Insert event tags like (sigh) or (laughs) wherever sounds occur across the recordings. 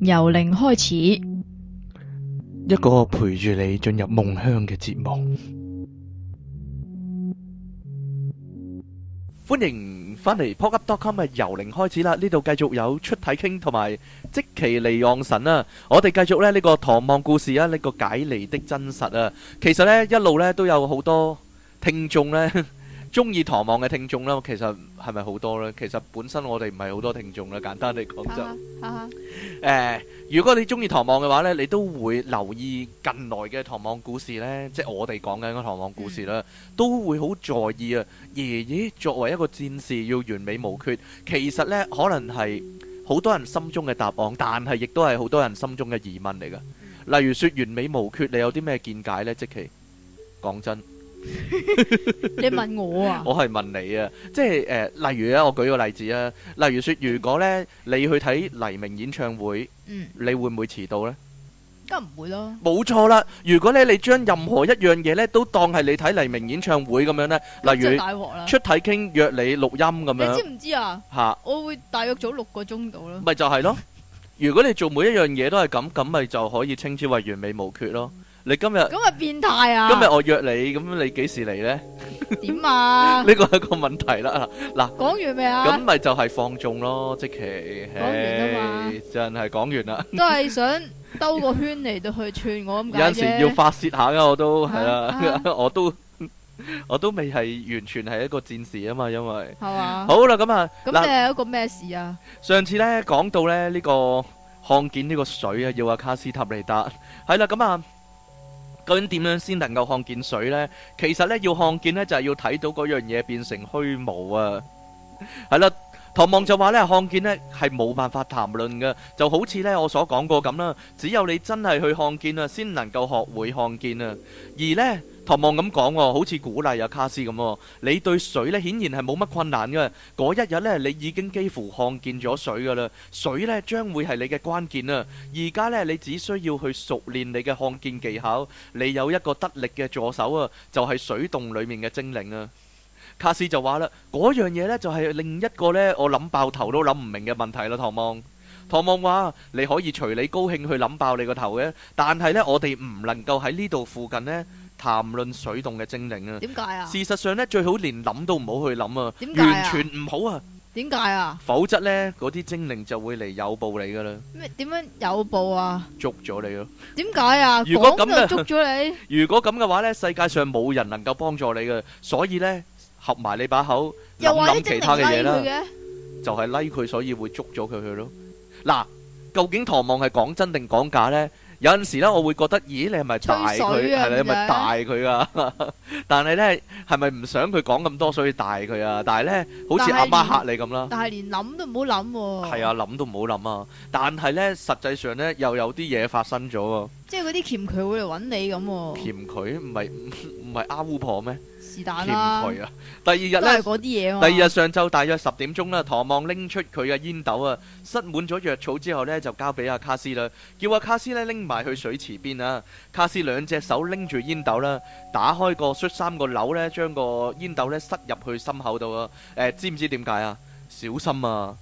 由零開始，一個陪住你進入夢鄉嘅節目。歡迎翻嚟 pocket.com 由零開始啦！呢度繼續有出體傾同埋即期離岸神啊！我哋繼續咧呢、呢個唐望故事啊，呢、呢個解離的真實啊，其實呢一路咧都有好多聽眾咧。 (laughs) 中意唐望嘅聽眾啦，其實係咪好多呢？其實本身我哋唔係好多聽眾啦。簡單嚟講就，嚇嚇。誒，如果你中意唐望嘅話呢，你都會留意近來嘅唐望故事呢，即係我哋講緊嘅唐望故事啦，都會好在意啊。爺爺作為一個戰士，要完美無缺，其實呢可能係好多人心中嘅答案，但係亦都係好多人心中嘅疑問嚟噶。例如説完美無缺，你有啲咩見解呢？即其，講真。你問我啊？我係問你啊，即係誒，例如啊，我舉個例子啊，例如說，如果咧你去睇黎明演唱會，嗯，你會唔會遲到呢？梗係唔會咯。冇錯啦，如果咧你將任何一樣嘢咧都當係你睇黎明演唱會咁樣咧，例如出大鑊啦，出體傾約你錄音咁樣，你知唔知啊？吓，我會大約早六個鐘到咯。咪就係咯，如果你做每一樣嘢都係咁，咁咪就可以稱之為完美無缺咯。你今日咁啊變態啊！今日我約你，咁你幾時嚟咧？點啊？呢個係個問題啦。嗱，講完未啊？咁咪就係放縱咯，即其講完啊嘛，真係講完啦。都係想兜個圈嚟到去串我咁解啫。有陣時要發泄下噶，我都係啦，我都我都未係完全係一個戰士啊嘛，因為係嘛。好啦，咁啊，咁你係一個咩事啊？上次咧講到咧呢個看見呢個水啊，要阿卡斯塔尼達係啦，咁啊。究竟點樣先能夠看見水呢？其實呢，要看見呢，就係、是、要睇到嗰樣嘢變成虛無啊！係啦。唐望就話咧，看見咧係冇辦法談論嘅，就好似咧我所講過咁啦。只有你真係去看見啊，先能夠學會看見啊。而咧，唐望咁講，好似鼓勵阿卡斯咁。你對水咧，顯然係冇乜困難嘅。嗰一日咧，你已經幾乎看見咗水噶啦。水咧將會係你嘅關鍵啊。而家咧，你只需要去熟練你嘅看見技巧。你有一個得力嘅助手啊，就係水洞裏面嘅精靈啊。卡斯就話啦，嗰樣嘢咧就係另一個咧，我諗爆頭都諗唔明嘅問題啦。唐望，唐望話你可以隨你高興去諗爆你個頭嘅，但係咧，我哋唔能夠喺呢度附近咧談論水洞嘅精靈啊。點解啊？事實上咧，最好連諗都唔好去諗啊。點解啊？完全唔好啊。點解啊？否則咧，嗰啲精靈就會嚟誘捕你噶啦。咩？點樣誘捕啊？捉咗你啊。點解啊？如果咁就捉咗你，如果咁嘅話咧，世界上冇人能夠幫助你噶，所以咧。合埋你把口，又諗其他嘅嘢啦，就係拉佢，所以會捉咗佢去咯。嗱，究竟唐望係講真定講假咧？有陣時咧，我會覺得，咦，你係咪大佢？係你係咪大佢啊？但係咧，係咪唔想佢講咁多，所以大佢啊？但係咧，好似阿媽嚇你咁啦。但係連諗都唔好諗。係啊，諗都唔好諗啊！但係咧，實際上咧，又有啲嘢發生咗啊！即係嗰啲鉗佢會嚟揾你咁。鉗佢？唔係，唔係阿巫婆咩？啊第，第二日咧，第二日上晝大約十點鐘啦，唐望拎出佢嘅煙斗啊，塞滿咗藥草之後呢，就交俾阿卡斯啦，叫阿卡斯咧拎埋去水池邊啊。卡斯兩隻手拎住煙斗啦，啊，打開個恤衫個鈕呢，將個煙斗呢塞入去心口度啊。誒、呃，知唔知點解啊？小心啊！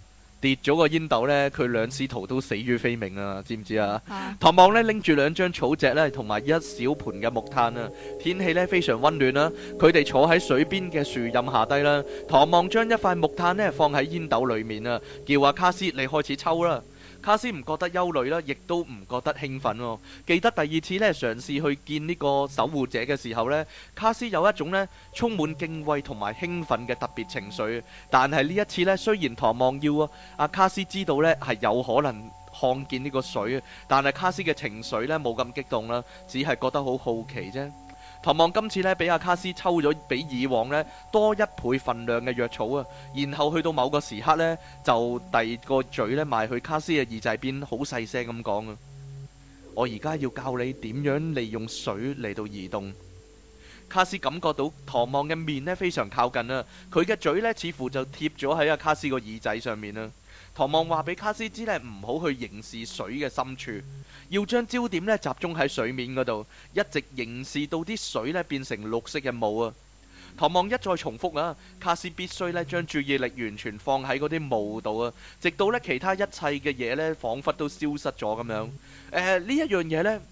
跌咗個煙斗呢，佢兩師徒都死於非命啊！知唔知啊？唐望呢拎住兩張草席呢，同埋一小盤嘅木炭啊。天氣呢，非常溫暖啦，佢哋坐喺水邊嘅樹蔭下低啦。唐望將一塊木炭呢，放喺煙斗裏面啊，叫阿卡斯你開始抽啦。卡斯唔覺得憂慮啦，亦都唔覺得興奮喎。記得第二次咧嘗試去見呢個守護者嘅時候咧，卡斯有一種咧充滿敬畏同埋興奮嘅特別情緒。但係呢一次咧，雖然唐望要啊，阿卡斯知道咧係有可能看見呢個水啊，但係卡斯嘅情緒咧冇咁激動啦，只係覺得好好奇啫。唐望今次咧，俾阿卡斯抽咗比以往咧多一倍份量嘅藥草啊！然後去到某個時刻呢，就遞個嘴咧埋去卡斯嘅耳仔邊，好細聲咁講啊！我而家要教你點樣利用水嚟到移動。卡斯感覺到唐望嘅面咧非常靠近啊，佢嘅嘴呢似乎就貼咗喺阿卡斯個耳仔上面啦。唐望話俾卡斯知呢唔好去凝視水嘅深處，要將焦點呢集中喺水面嗰度，一直凝視到啲水呢變成綠色嘅霧啊。唐望一再重複啊，卡斯必須呢將注意力完全放喺嗰啲霧度啊，直到呢其他一切嘅嘢呢，仿佛都消失咗咁樣。誒，呢一樣嘢呢，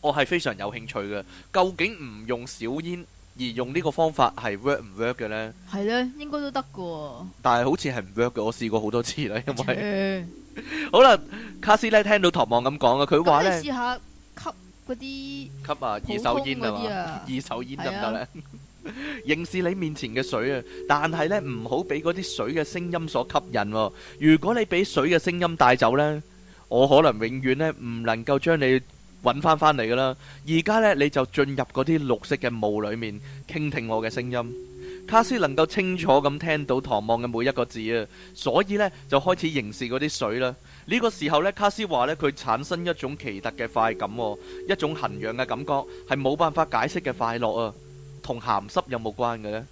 我係非常有興趣嘅。究竟唔用小煙？而用呢個方法係 work 唔 work 嘅咧？係咧，應該都得嘅。但係好似係唔 work 嘅，我試過好多次啦。因為好啦，卡斯咧聽到唐望咁講啊，佢話咧，試下吸嗰啲吸啊二手煙啊嘛，二手煙得唔得咧？凝視你面前嘅水啊，但係咧唔好俾嗰啲水嘅聲音所吸引喎。如果你俾水嘅聲音帶走咧，我可能永遠咧唔能夠將你。揾翻翻嚟噶啦，而家呢，你就進入嗰啲綠色嘅霧裏面，傾聽我嘅聲音。卡斯能夠清楚咁聽到唐望嘅每一個字啊，所以呢，就開始凝視嗰啲水啦。呢個時候呢，卡斯話呢，佢產生一種奇特嘅快感，一種痕癢嘅感覺，係冇辦法解釋嘅快樂啊，同鹹濕有冇關嘅呢？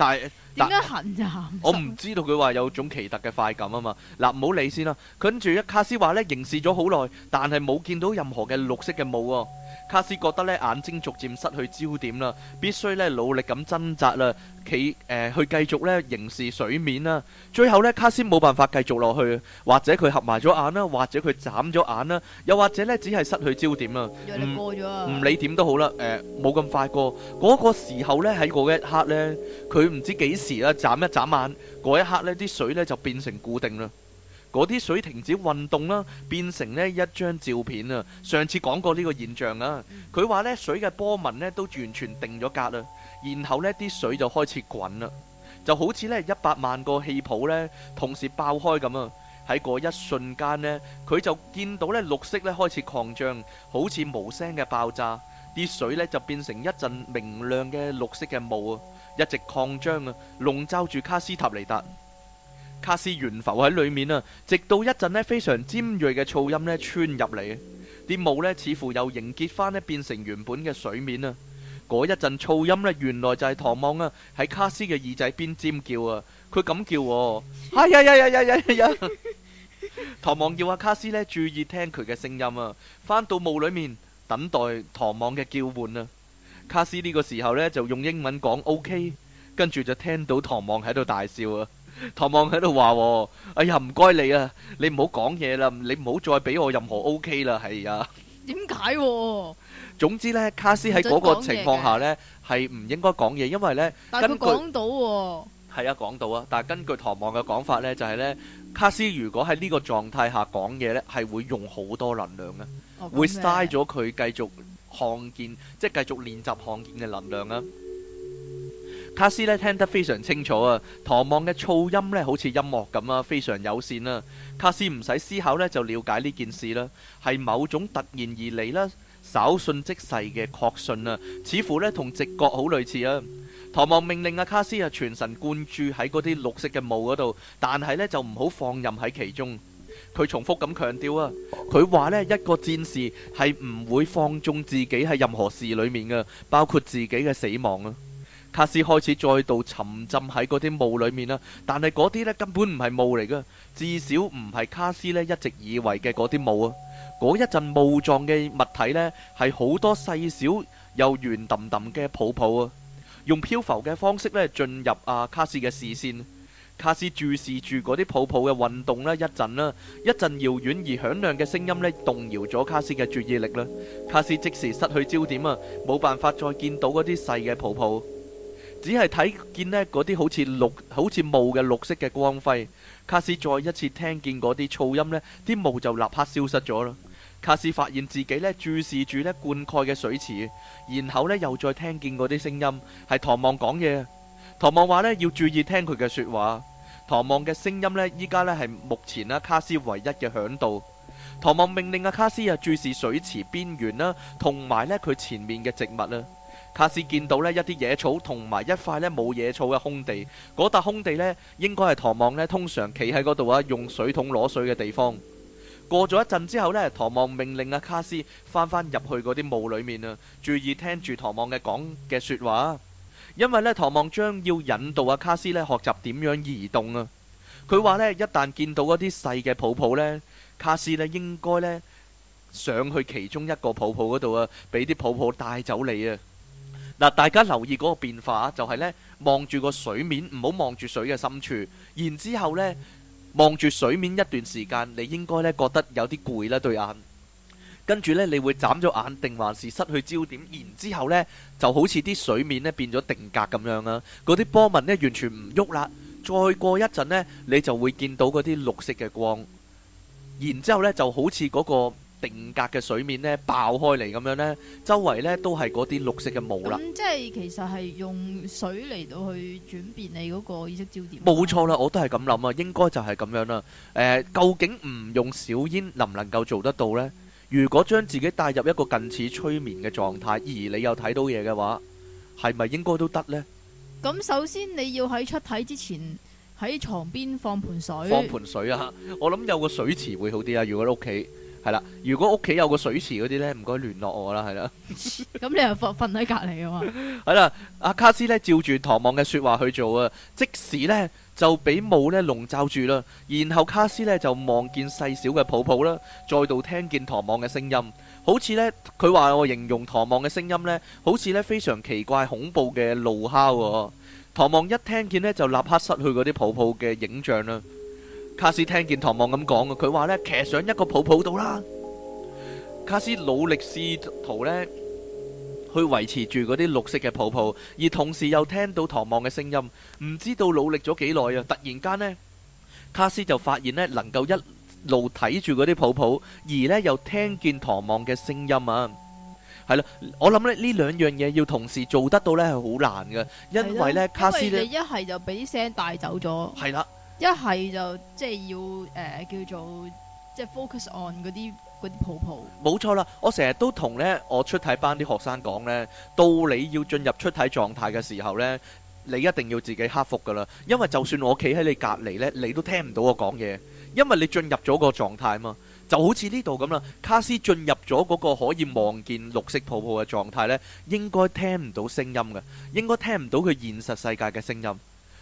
但係點解痕就？我唔知道，佢話有種奇特嘅快感 (laughs) 啊嘛！嗱，唔好理先啦。跟住一卡斯話咧，凝視咗好耐，但係冇見到任何嘅綠色嘅霧喎。卡斯覺得咧眼睛逐漸失去焦點啦，必須咧努力咁掙扎啦，企誒去繼續咧凝視水面啦。最後咧卡斯冇辦法繼續落去，或者佢合埋咗眼啦，或者佢眨咗眼啦，又或者咧只係失去焦點啦。唔理點都好啦，誒冇咁快過。嗰個時候咧，喺嗰一刻咧，佢唔知幾時咧眨一眨眼，嗰一刻咧啲水咧就變成固定啦。嗰啲水停止運動啦，變成呢一張照片啊！上次講過呢個現象啊，佢話呢水嘅波紋呢都完全定咗格啦，然後呢啲水就開始滾啦，就好似呢一百萬個氣泡呢同時爆開咁啊！喺嗰一瞬間呢，佢就見到呢綠色呢開始擴張，好似無聲嘅爆炸，啲水呢就變成一陣明亮嘅綠色嘅霧啊，一直擴張啊，籠罩住卡斯塔尼達。卡斯懸浮喺裏面啊，直到一陣咧非常尖銳嘅噪音咧穿入嚟，啲霧咧似乎又凝結翻咧變成原本嘅水面啊！嗰一陣噪音咧原來就係唐望啊，喺卡斯嘅耳仔邊尖叫啊！佢咁叫我，係呀呀呀呀呀呀！唐望叫阿卡斯咧注意聽佢嘅聲音啊！翻到霧裏面等待唐望嘅叫喚啊！卡斯呢個時候咧就用英文講 OK，跟住就聽到唐望喺度大笑啊！唐望喺度話喎，哎呀，唔該你啊，你唔好講嘢啦，你唔好再俾我任何 OK 啦，係啊。點解？總之咧，卡斯喺嗰個情況下咧，係唔應該講嘢，因為咧，根據講到，係啊，講到啊，但係根據唐望嘅講法咧，就係咧，卡斯如果喺呢個狀態下講嘢咧，係會用好多能量啊，會嘥咗佢繼續看見，即係繼續練習看見嘅能量啊。卡斯咧聽得非常清楚啊！唐望嘅噪音咧好似音樂咁啊，非常友善啦。卡斯唔使思考咧就了解呢件事啦，係某種突然而嚟啦，稍瞬即逝嘅確信啊，似乎咧同直覺好類似啊。唐望命令阿卡斯啊全神貫注喺嗰啲綠色嘅霧嗰度，但係咧就唔好放任喺其中。佢重複咁強調啊，佢話咧一個戰士係唔會放縱自己喺任何事裏面噶，包括自己嘅死亡啊。卡斯開始再度沉浸喺嗰啲霧裏面啦，但係嗰啲咧根本唔係霧嚟㗎，至少唔係卡斯咧一直以為嘅嗰啲霧啊。嗰一陣霧狀嘅物體咧係好多細小又圓揼揼嘅泡泡啊，用漂浮嘅方式咧進入啊卡斯嘅視線。卡斯注視住嗰啲泡泡嘅運動咧一陣啦，一陣遙遠而響亮嘅聲音咧動搖咗卡斯嘅注意力啦。卡斯即時失去焦點啊，冇辦法再見到嗰啲細嘅泡泡。只係睇見呢嗰啲好似綠、好似霧嘅綠色嘅光輝。卡斯再一次聽見嗰啲噪音呢，啲霧就立刻消失咗啦。卡斯發現自己呢，注視住呢灌溉嘅水池，然後呢，又再聽見嗰啲聲音，係唐望講嘢。唐望話呢，要注意聽佢嘅説話。唐望嘅聲音呢，依家呢，係目前啦卡斯唯一嘅嚮導。唐望命令阿卡斯啊注視水池邊緣啦，同埋呢佢前面嘅植物啦。卡斯見到呢，一啲野草同埋一塊呢冇野草嘅空地，嗰笪空地呢應該係唐望呢通常企喺嗰度啊，用水桶攞水嘅地方。過咗一陣之後呢，唐望命令阿卡斯翻返入去嗰啲霧裏面啊，注意聽住唐望嘅講嘅説話，因為呢，唐望將要引導阿卡斯呢學習點樣移動啊。佢話呢，一旦見到嗰啲細嘅泡泡呢，卡斯呢應該呢上去其中一個泡泡嗰度啊，俾啲泡泡帶走你啊。嗱，大家留意嗰個變化，就係呢：望住個水面，唔好望住水嘅深處。然之後呢，望住水面一段時間，你應該呢覺得有啲攰啦對眼。跟住呢，你會眨咗眼，定還是失去焦點？然之後呢，就好似啲水面呢變咗定格咁樣啦。嗰啲波紋呢完全唔喐啦。再過一陣呢，你就會見到嗰啲綠色嘅光。然之後呢，就好似嗰個，定格嘅水面咧爆開嚟咁樣咧，周圍咧都係嗰啲綠色嘅霧啦。咁即係其實係用水嚟到去轉變你嗰個意識焦點。冇錯啦，我都係咁諗啊，應該就係咁樣啦。誒，究竟唔用小煙能唔能夠做得到咧？如果將自己帶入一個近似催眠嘅狀態，而你又睇到嘢嘅話，係咪應該都得咧？咁首先你要喺出體之前喺床邊放盆水，放盆水啊！我諗有個水池會好啲啊，如果喺屋企。係啦，如果屋企有個水池嗰啲呢，唔該聯絡我啦，係啦。咁你又瞓喺隔籬啊嘛？係啦，阿卡斯呢照住唐望嘅說話去做啊，即時呢就俾霧呢籠罩住啦，然後卡斯呢就望見細小嘅泡泡啦，再度聽見唐望嘅聲音，好似呢，佢話我形容唐望嘅聲音呢，好似呢非常奇怪恐怖嘅怒哮喎。唐望一聽見呢，就立刻失去嗰啲泡泡嘅影像啦。卡斯聽見唐望咁講嘅，佢話咧騎上一個泡泡度啦。卡斯努力試圖咧去維持住嗰啲綠色嘅泡泡，而同時又聽到唐望嘅聲音。唔知道努力咗幾耐啊！突然間咧，卡斯就發現咧能夠一路睇住嗰啲泡泡，而咧又聽見唐望嘅聲音啊！係啦，我諗咧呢兩樣嘢要同時做得到咧係好難嘅，因為咧卡斯咧一係就俾啲聲帶走咗，係啦。一係就即係要誒、呃、叫做即係、就是、focus on 嗰啲啲泡泡。冇錯啦，我成日都同咧我出體班啲學生講咧，到你要進入出體狀態嘅時候咧，你一定要自己克服噶啦。因為就算我企喺你隔離咧，你都聽唔到我講嘢，因為你進入咗個狀態嘛。就好似呢度咁啦，卡斯進入咗嗰個可以望見綠色泡泡嘅狀態咧，應該聽唔到聲音嘅，應該聽唔到佢現實世界嘅聲音。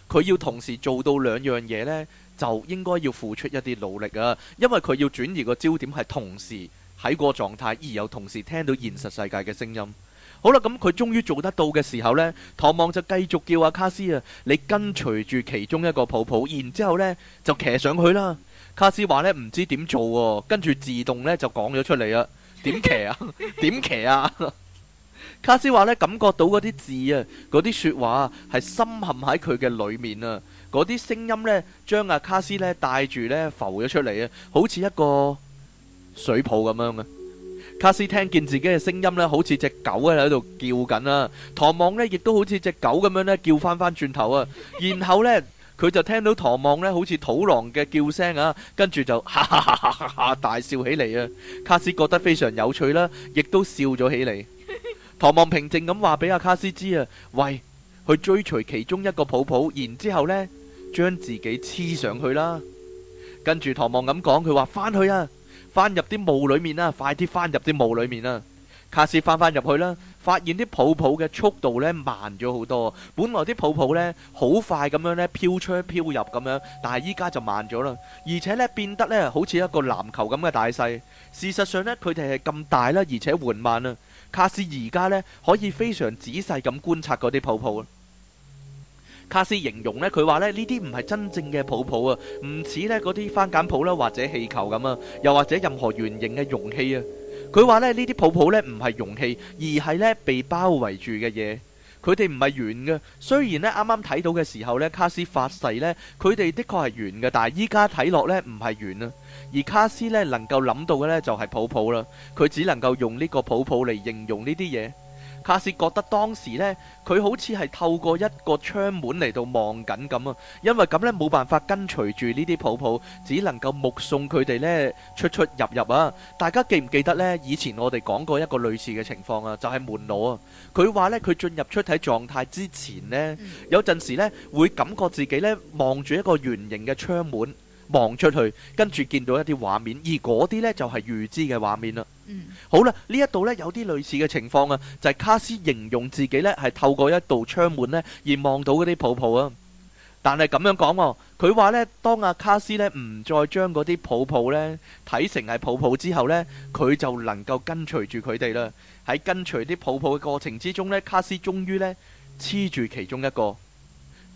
佢要同時做到兩樣嘢呢，就應該要付出一啲努力啊！因為佢要轉移個焦點，係同時喺個狀態，而又同時聽到現實世界嘅聲音。好啦，咁、嗯、佢終於做得到嘅時候呢，唐望就繼續叫阿、啊、卡斯啊，你跟隨住其中一個泡泡，然之後呢就騎上去啦。卡斯話呢：「唔知點做喎、啊，跟住自動呢就講咗出嚟啊。」點騎啊？點騎啊？ (laughs) 卡斯話咧，感覺到嗰啲字啊，嗰啲說話係、啊、深陷喺佢嘅裏面啊。嗰啲聲音呢，將阿、啊、卡斯呢帶住呢浮咗出嚟啊，好似一個水泡咁樣啊。卡斯聽見自己嘅聲音呢，好似隻狗喺度叫緊啊。唐望呢，亦都好似隻狗咁樣呢叫翻翻轉頭啊。然後呢，佢就聽到唐望呢好似土狼嘅叫聲啊，跟住就哈哈哈哈大笑起嚟啊。卡斯覺得非常有趣啦，亦都笑咗起嚟。唐望平靜咁話俾阿卡斯知啊，喂，去追隨其中一個泡泡，然之後呢，將自己黐上去啦。跟住唐望咁講，佢話返去啊，返入啲霧裏面啊，快啲返入啲霧裏面啦、啊。卡斯翻返返入去啦，發現啲泡泡嘅速度呢慢咗好多，本來啲泡泡呢好快咁樣呢，飄出飄入咁樣，但係依家就慢咗啦，而且呢，變得呢好似一個籃球咁嘅大細。事實上呢，佢哋係咁大啦，而且緩慢啊。卡斯而家呢，可以非常仔細咁觀察嗰啲泡泡。卡斯形容呢，佢話呢，呢啲唔係真正嘅泡泡啊，唔似呢嗰啲番梘泡啦，或者氣球咁啊，又或者任何圓形嘅容器啊。佢話呢，呢啲泡泡呢，唔係容器，而係呢，被包圍住嘅嘢。佢哋唔係圓嘅，雖然呢啱啱睇到嘅時候呢，卡斯發誓呢，佢哋的確係圓嘅，但係依家睇落呢，唔係圓啊。而卡斯呢能夠諗到嘅呢，就係泡泡啦，佢只能夠用呢個泡泡嚟形容呢啲嘢。卡斯覺得當時呢，佢好似係透過一個窗門嚟到望緊咁啊，因為咁呢冇辦法跟隨住呢啲泡泡，只能夠目送佢哋呢出出入入啊！大家記唔記得呢？以前我哋講過一個類似嘅情況啊，就係、是、門腦啊。佢話呢，佢進入出體狀態之前呢，有陣時呢會感覺自己呢望住一個圓形嘅窗門。望出去，跟住見到一啲畫面，而嗰啲呢就係、是、預知嘅畫面啦。嗯，好啦，呢一度呢有啲類似嘅情況啊。就係、是、卡斯形容自己呢係透過一道窗門呢而望到嗰啲泡泡啊。但係咁樣講、啊，佢話呢，當阿、啊、卡斯呢唔再將嗰啲泡泡呢睇成係泡泡之後呢，佢就能夠跟隨住佢哋啦。喺跟隨啲泡泡嘅過程之中呢，卡斯終於呢黐住其中一個，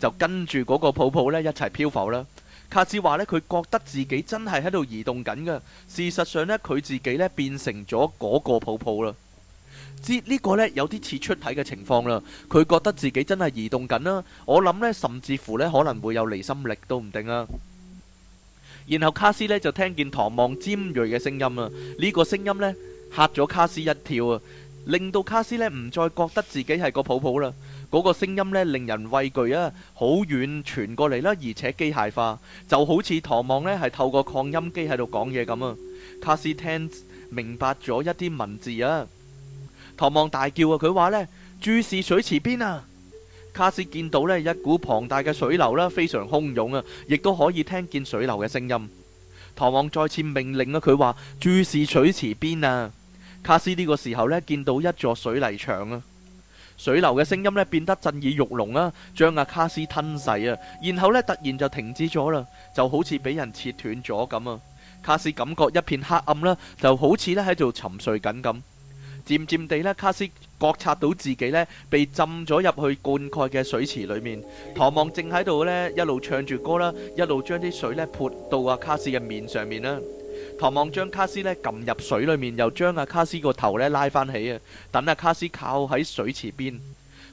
就跟住嗰個泡泡呢一齊漂浮啦。卡斯話呢，佢覺得自己真係喺度移動緊㗎。事實上呢，佢自己呢變成咗嗰個泡泡啦。知、這、呢個呢，有啲似出體嘅情況啦。佢覺得自己真係移動緊啦。我諗呢，甚至乎呢可能會有離心力都唔定啊。然後卡斯呢，就聽見唐望尖銳嘅聲音啦。呢、這個聲音呢，嚇咗卡斯一跳啊，令到卡斯呢唔再覺得自己係個泡泡啦。嗰個聲音咧，令人畏懼啊！好遠傳過嚟啦，而且機械化，就好似唐望咧，係透過擴音機喺度講嘢咁啊！卡斯聽明白咗一啲文字啊！唐望大叫啊！佢話呢：「注視水池邊啊！」卡斯見到呢一股龐大嘅水流啦，非常洶湧啊！亦都可以聽見水流嘅聲音。唐望再次命令啊！佢話注視水池邊啊！卡斯呢個時候呢，見到一座水泥牆啊！水流嘅聲音咧變得震耳欲聾啊，將阿卡斯吞噬啊，然後咧突然就停止咗啦，就好似俾人切斷咗咁啊。卡斯感覺一片黑暗啦，就好似咧喺度沉睡緊咁，漸漸地咧卡斯覺察到自己咧被浸咗入去灌溉嘅水池裏面，唐望正喺度咧一路唱住歌啦，一路將啲水咧潑到阿卡斯嘅面上面啦。唐望將卡斯咧撳入水裏面，又將阿、啊、卡斯個頭咧拉翻起啊！等阿、啊、卡斯靠喺水池邊，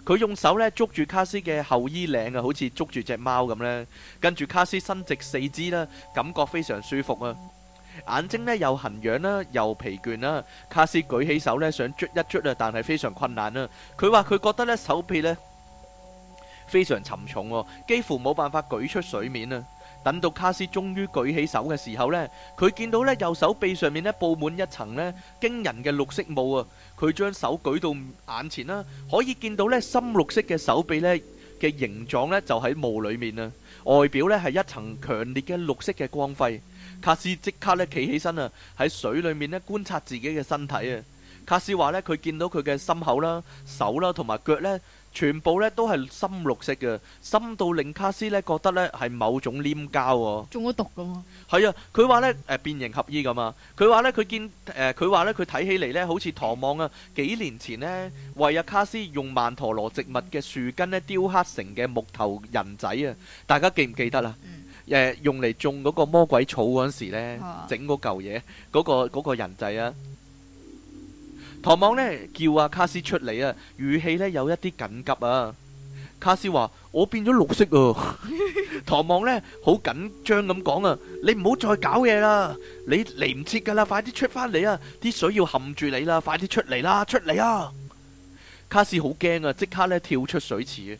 佢用手咧捉住卡斯嘅後衣領啊，好似捉住隻貓咁呢，跟住卡斯伸直四肢啦，感覺非常舒服啊！眼睛咧又痕癢啦，又疲倦啦、啊。卡斯舉起手呢想捽一捽啊，但係非常困難啦、啊。佢話佢覺得咧手臂咧非常沉重、啊，幾乎冇辦法舉出水面啊！等到卡斯終於舉起手嘅時候呢，佢見到呢，右手臂上面呢，布滿一層呢驚人嘅綠色霧啊！佢將手舉到眼前啦，可以見到呢深綠色嘅手臂呢嘅形狀呢就喺霧裏面啊！外表呢係一層強烈嘅綠色嘅光輝。卡斯即刻呢企起身啊！喺水裏面呢觀察自己嘅身體啊！卡斯話呢，佢見到佢嘅心口啦、手啦同埋腳呢。全部咧都係深綠色嘅，深到令卡斯咧覺得咧係某種黏膠。中咗毒噶嘛？係啊，佢話咧誒變形合衣噶嘛。佢話咧佢見誒，佢話咧佢睇起嚟咧好似唐望啊。幾年前呢，維亞卡斯用曼陀羅植物嘅樹根咧雕刻成嘅木頭人仔啊，大家記唔記得啊？誒、嗯呃、用嚟種嗰個魔鬼草嗰陣時咧，整嗰嚿嘢嗰個嗰、嗰個嗰個人仔啊！唐望呢叫阿卡斯出嚟啊，語氣呢有一啲緊急啊。卡斯話：我變咗綠色啊！唐 (laughs) 望呢好緊張咁講啊，你唔好再搞嘢啦，你嚟唔切噶啦，快啲出翻嚟啊！啲水要冚住你啦，快啲出嚟啦，出嚟啊！卡斯好驚啊，即刻呢跳出水池。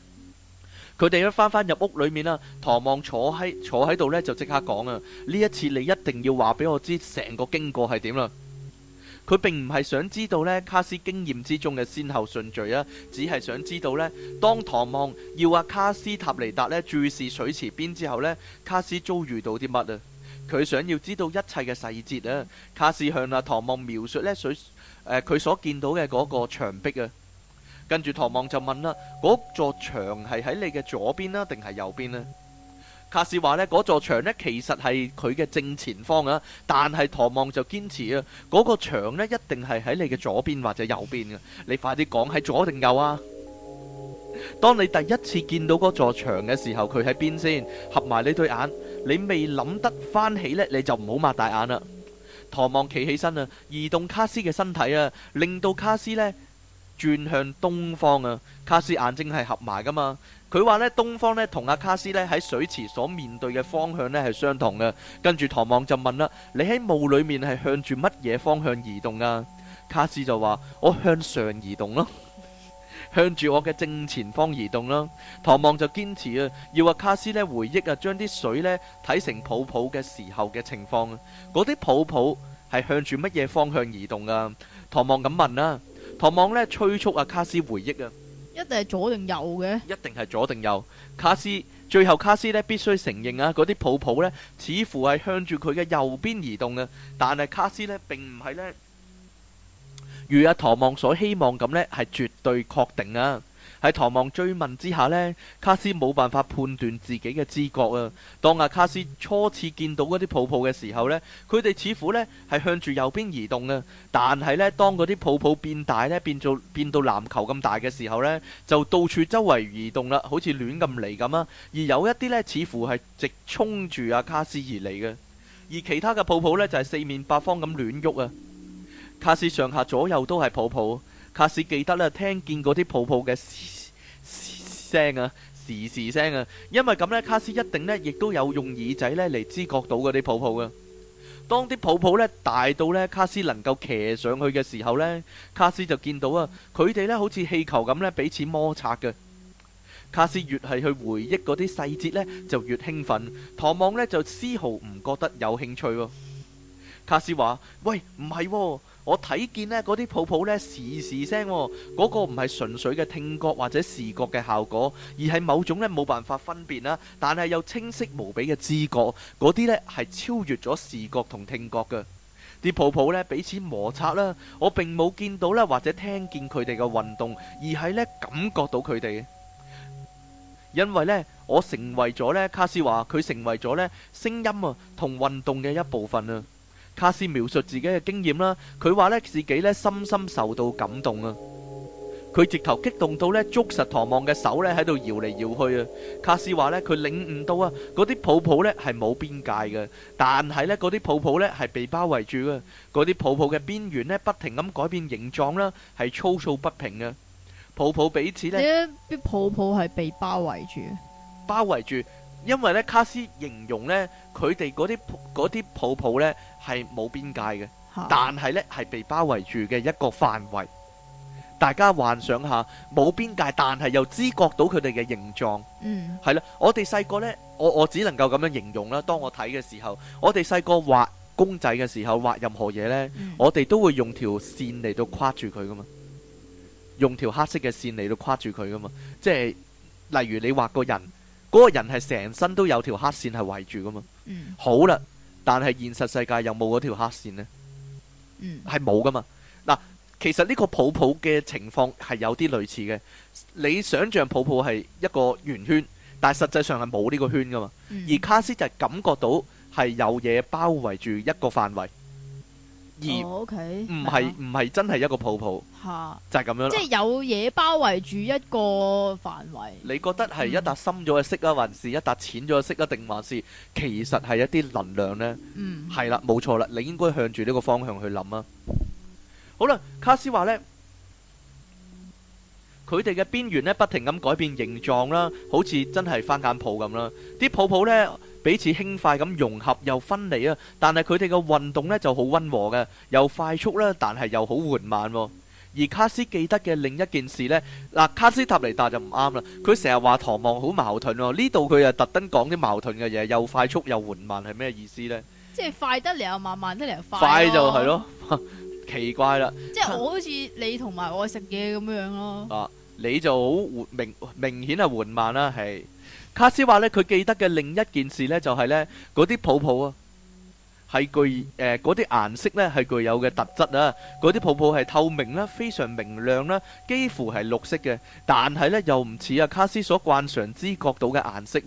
佢哋一翻翻入屋裏面啦，唐望坐喺坐喺度呢就即刻講啊，呢一次你一定要話俾我知成個經過係點啦。佢並唔係想知道咧卡斯經驗之中嘅先後順序啊，只係想知道咧當唐望要阿卡斯塔尼達咧注視水池邊之後咧，卡斯遭遇到啲乜啊？佢想要知道一切嘅細節啊！卡斯向阿唐望描述咧水誒，佢、呃、所見到嘅嗰個牆壁啊，跟住唐望就問啦、啊：「嗰座牆係喺你嘅左邊呢、啊，定係右邊呢、啊？」卡斯話呢，嗰座牆呢，其實係佢嘅正前方啊，但係唐望就堅持啊，嗰個牆呢一定係喺你嘅左邊或者右邊嘅。你快啲講喺左定右啊！當你第一次見到嗰座牆嘅時候，佢喺邊先？合埋你對眼，你未諗得翻起呢，你就唔好擘大眼啦。唐望企起身啊，移動卡斯嘅身體啊，令到卡斯呢轉向東方啊。卡斯眼睛係合埋噶嘛？佢話咧，東方咧同阿卡斯咧喺水池所面對嘅方向咧係相同嘅。跟住唐望就問啦，你喺霧裏面係向住乜嘢方向移動啊？卡斯就話：我向上移動咯，向住我嘅正前方移動咯。唐望就堅持啊，要阿卡斯咧回憶啊，將啲水咧睇成泡泡嘅時候嘅情況。嗰啲泡泡係向住乜嘢方向移動啊？唐望咁問啦。唐望咧催促阿卡斯回憶啊。一定係左定右嘅，一定係左定右。卡斯，最後卡斯呢必須承認啊，嗰啲泡泡呢似乎係向住佢嘅右邊移動嘅，啊，但係卡斯呢並唔係呢。如阿、啊、唐望所希望咁呢，係絕對確定啊。喺唐望追問之下呢，卡斯冇辦法判斷自己嘅知覺啊！當阿卡斯初次見到嗰啲泡泡嘅時候呢，佢哋似乎呢係向住右邊移動啊！但係呢，當嗰啲泡泡變大呢，變做變到籃球咁大嘅時候呢，就到處周圍移動啦，好似亂咁嚟咁啊！而有一啲呢，似乎係直衝住阿卡斯而嚟嘅，而其他嘅泡泡呢，就係四面八方咁亂喐啊！卡斯上下左右都係泡泡。卡斯記得咧，聽見嗰啲泡泡嘅聲啊，時時聲啊，因為咁呢，卡斯一定呢亦都有用耳仔呢嚟知覺到嗰啲泡泡㗎。當啲泡泡呢大到呢，卡斯能夠騎上去嘅時候呢，卡斯就見到啊，佢哋呢好似氣球咁呢彼此摩擦嘅。卡斯越係去回憶嗰啲細節呢，就越興奮。唐望呢就絲毫唔覺得有興趣喎、哦。卡斯話：喂，唔係喎。我睇見呢嗰啲泡泡呢時時聲，嗰、嗰個唔係純粹嘅聽覺或者視覺嘅效果，而係某種呢冇辦法分辨啦，但係又清晰無比嘅知覺，嗰啲呢係超越咗視覺同聽覺嘅。啲泡泡呢彼此摩擦啦，我並冇見到呢或者聽見佢哋嘅運動，而係呢感覺到佢哋。因為呢，我成為咗呢卡斯話，佢成為咗呢聲音啊同運動嘅一部分啊。卡斯描述自己嘅經驗啦，佢話咧自己咧深深受到感動啊！佢直頭激動到咧捉實唐望嘅手咧喺度搖嚟搖去啊！卡斯話咧佢領悟到啊，嗰啲泡泡咧係冇邊界嘅，但係咧嗰啲泡泡咧係被包圍住嘅，嗰啲泡泡嘅邊緣咧不停咁改變形狀啦，係粗糙不平嘅泡泡彼此咧。啲泡泡係被包圍住，包圍住。因為咧，卡斯形容咧，佢哋嗰啲嗰啲泡泡咧係冇邊界嘅，哈但係咧係被包圍住嘅一個範圍。大家幻想下，冇、嗯、邊界，但係又知覺到佢哋嘅形狀。嗯，係啦，我哋細個咧，我我只能夠咁樣形容啦。當我睇嘅時候，我哋細個畫公仔嘅時候畫任何嘢咧，嗯、我哋都會用條線嚟到框住佢噶嘛，用條黑色嘅線嚟到框住佢噶嘛。即係例如你畫個人。嗯嗰個人係成身都有條黑線係圍住噶嘛，好啦，但係現實世界有冇嗰條黑線呢？係冇噶嘛。嗱，其實呢個泡泡嘅情況係有啲類似嘅，你想象泡泡係一個圓圈，但係實際上係冇呢個圈噶嘛，而卡斯就感覺到係有嘢包圍住一個範圍。而唔係唔係真係一個泡泡，就係咁樣咯。即係有嘢包圍住一個範圍。你覺得係一笪深咗嘅色啊，還是一笪淺咗嘅色啊？定還是其實係一啲能量咧？嗯，係啦，冇錯啦，你應該向住呢個方向去諗啊。好啦，卡斯話咧，佢哋嘅邊緣咧，不停咁改變形狀啦，好似真係翻間鋪咁啦，啲泡泡咧。彼此輕快咁融合又分離啊！但係佢哋嘅運動呢就好溫和嘅，又快速啦，但係又好緩慢，哦。而卡斯記得嘅另一件事呢，嗱卡斯塔尼達就唔啱啦，佢成日話唐望好矛盾喎，哦。呢度佢啊特登講啲矛盾嘅嘢，又快速又緩慢，係咩意思呢？即係快得嚟又慢慢得嚟又快，哦，快就係咯， (laughs) 奇怪啦了。即係我好似你同埋我食嘢咁樣咯。啊，你就好明明，明顯係緩慢啦，係。卡斯話咧，佢記得嘅另一件事呢，就係呢嗰啲泡泡啊，係具誒嗰啲顏色呢係具有嘅特質啊，嗰啲泡泡係透明啦，非常明亮啦，幾乎係綠色嘅，但係呢又唔似啊卡斯所慣常知覺到嘅顏色。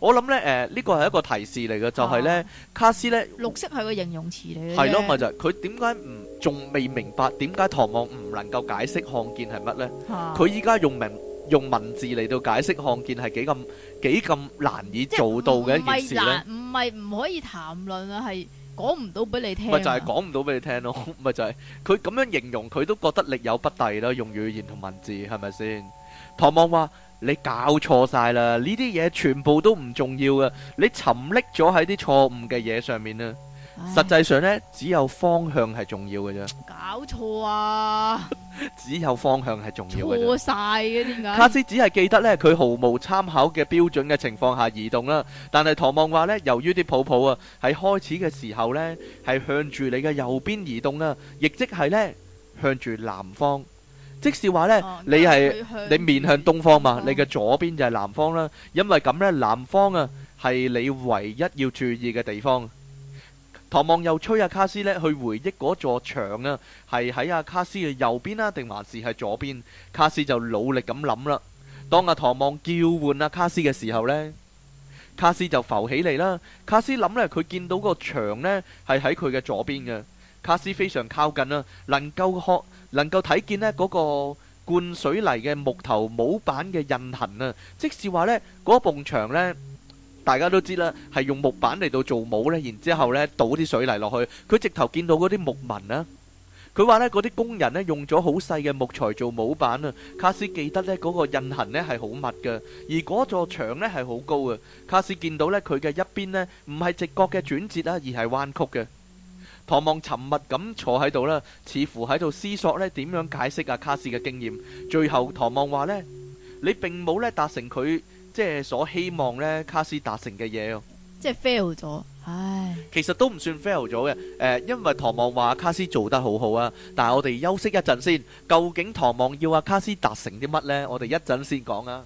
我諗呢，誒、呃、呢、呢個係一個提示嚟嘅，就係、係、呢、啊、卡斯呢，綠色係個形容詞嚟嘅。係咯，咪就係佢點解唔仲未明白點解唐望唔能夠解釋看見係乜呢？佢依家用明。用文字嚟到解釋看見係幾咁幾咁難以做到嘅一件事咧？唔係唔可以談論啊，係講唔到俾你聽、啊。咪就係講唔到俾你聽咯、啊，咪就係佢咁樣形容，佢都覺得力有不逮啦、啊。用語言同文字係咪先？唐望話：你搞錯晒啦！呢啲嘢全部都唔重要嘅、啊，你沉溺咗喺啲錯誤嘅嘢上面啦、啊。實際上咧，只有方向係重要嘅啫。搞錯啊！只有方向係重要嘅。錯晒嘅點解？卡斯只係記得咧，佢毫無參考嘅標準嘅情況下移動啦。但係唐望話咧，由於啲泡泡啊，喺開始嘅時候咧，係向住你嘅右邊移動啦，亦即係咧，向住南方。即是話咧，你係你面向東方嘛，你嘅左邊就係南方啦。因為咁咧，南方啊，係你唯一要注意嘅地方。唐望又催阿、啊、卡斯咧去回憶嗰座牆啊，係喺阿卡斯嘅右邊啦、啊，定還是喺左邊？卡斯就努力咁諗啦。當阿、啊、唐望叫喚阿、啊、卡斯嘅時候呢，卡斯就浮起嚟。啦卡斯諗咧，佢見到個牆咧係喺佢嘅左邊嘅。卡斯非常靠近啦、啊，能夠學能夠睇見呢嗰、那個灌水泥嘅木頭模板嘅印痕啊。即是話呢嗰埲牆咧。大家都知啦，係用木板嚟到做模咧，然之後咧倒啲水泥落去。佢直頭見到嗰啲木紋啊！佢話咧嗰啲工人咧用咗好細嘅木材做模板啊！卡斯記得咧嗰個印痕咧係好密嘅，而嗰座牆咧係好高啊！卡斯見到咧佢嘅一邊咧唔係直角嘅轉折啊，而係彎曲嘅。唐望沉默咁坐喺度啦，似乎喺度思索咧點樣解釋啊卡斯嘅經驗。最後唐望話咧：你並冇咧達成佢。即係所希望呢卡斯達成嘅嘢咯，即係 fail 咗，唉，其實都唔算 fail 咗嘅，誒、呃，因為唐望話卡斯做得好好啊，但係我哋休息一陣先，究竟唐望要阿、啊、卡斯達成啲乜呢？我哋一陣先講啊，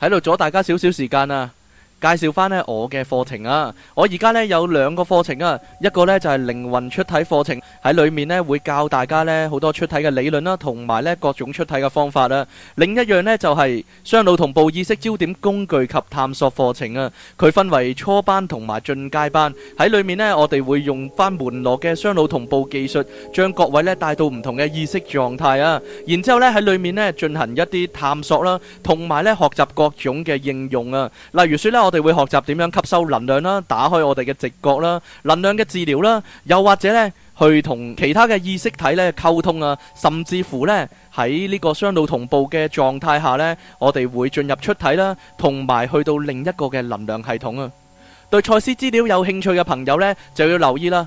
喺度阻大家少少時間啊。介紹翻呢我嘅課程啊！我而家呢有兩個課程啊，一個呢就係靈魂出體課程，喺裡面呢會教大家呢好多出體嘅理論啦，同埋呢各種出體嘅方法啦。另一樣呢就係雙腦同步意識焦點工具及探索課程啊。佢分為初班同埋進階班，喺裡面呢我哋會用翻門羅嘅雙腦同步技術，將各位呢帶到唔同嘅意識狀態啊。然之後呢喺裡面呢進行一啲探索啦，同埋呢學習各種嘅應用啊。例如說呢，我哋會學習點樣吸收能量啦，打開我哋嘅直覺啦，能量嘅治療啦，又或者呢去同其他嘅意識體呢溝通啊，甚至乎呢喺呢個雙腦同步嘅狀態下呢，我哋會進入出體啦，同埋去到另一個嘅能量系統啊。對賽斯資料有興趣嘅朋友呢，就要留意啦。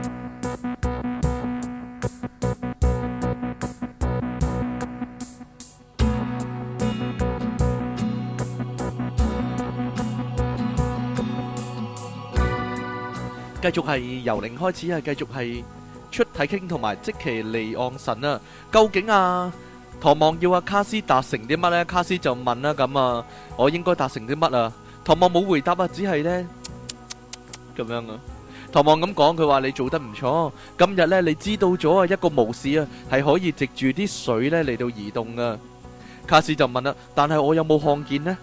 繼續係由零開始，係繼續係出體傾同埋即其離岸神啊！究竟啊，唐望要阿卡斯達成啲乜咧？卡斯就問啦，咁啊，我應該達成啲乜啊？唐望冇回答啊，只係咧咁樣啊。唐望咁講，佢話你做得唔錯，今日咧你知道咗啊，一個巫士啊係可以藉住啲水咧嚟到移動啊。卡斯就問啦，但係我有冇看見咧？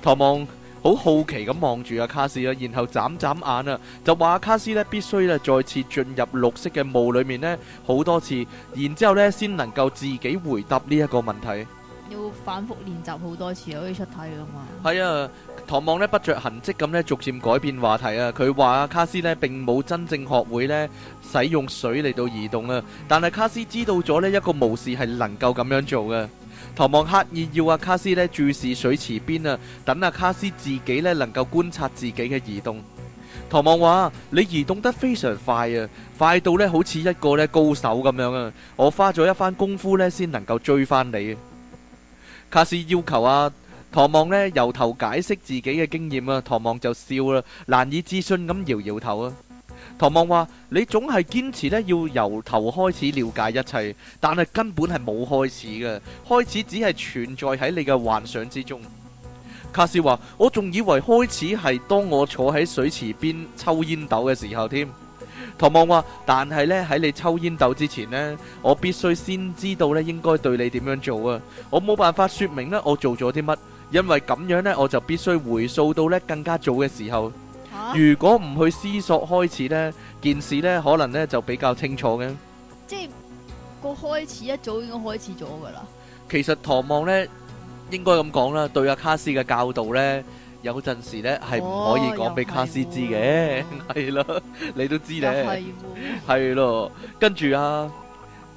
唐望。好好奇咁望住阿卡斯啦，然後眨眨眼啦，就話阿卡斯咧必須咧再次進入綠色嘅霧裏面咧好多次，然之後咧先能夠自己回答呢一個問題。要反覆練習好多次，可以出題噶嘛？係啊，唐望咧不着痕迹咁咧逐漸改變話題啊。佢話阿卡斯咧並冇真正學會咧使用水嚟到移動啦，但係卡斯知道咗咧一個模式係能夠咁樣做嘅。唐望刻意要阿卡斯呢注視水池邊啊，等阿卡斯自己呢能夠觀察自己嘅移動。唐望話：你移動得非常快啊，快到呢好似一個呢高手咁樣啊！我花咗一番功夫呢先能夠追翻你。卡斯要求阿唐望呢由頭解釋自己嘅經驗啊，唐望就笑啦，難以置信咁搖搖頭啊。唐望話：你總係堅持咧要由頭開始了解一切，但係根本係冇開始嘅，開始只係存在喺你嘅幻想之中。卡斯話：我仲以為開始係當我坐喺水池邊抽煙斗嘅時候添。唐望話：但係呢，喺你抽煙斗之前呢，我必須先知道呢應該對你點樣做啊！我冇辦法說明啦，我做咗啲乜，因為咁樣呢，我就必須回溯到呢更加早嘅時候。如果唔去思索開始呢件事呢，可能呢就比較清楚嘅。即係個開始一早已經開始咗噶啦。其實唐望呢應該咁講啦，對阿卡斯嘅教導呢，有陣時呢係唔可以講俾卡斯、哦哦、 (laughs) (laughs) 知嘅，係咯、哦，你都知咧，係咯，跟住啊。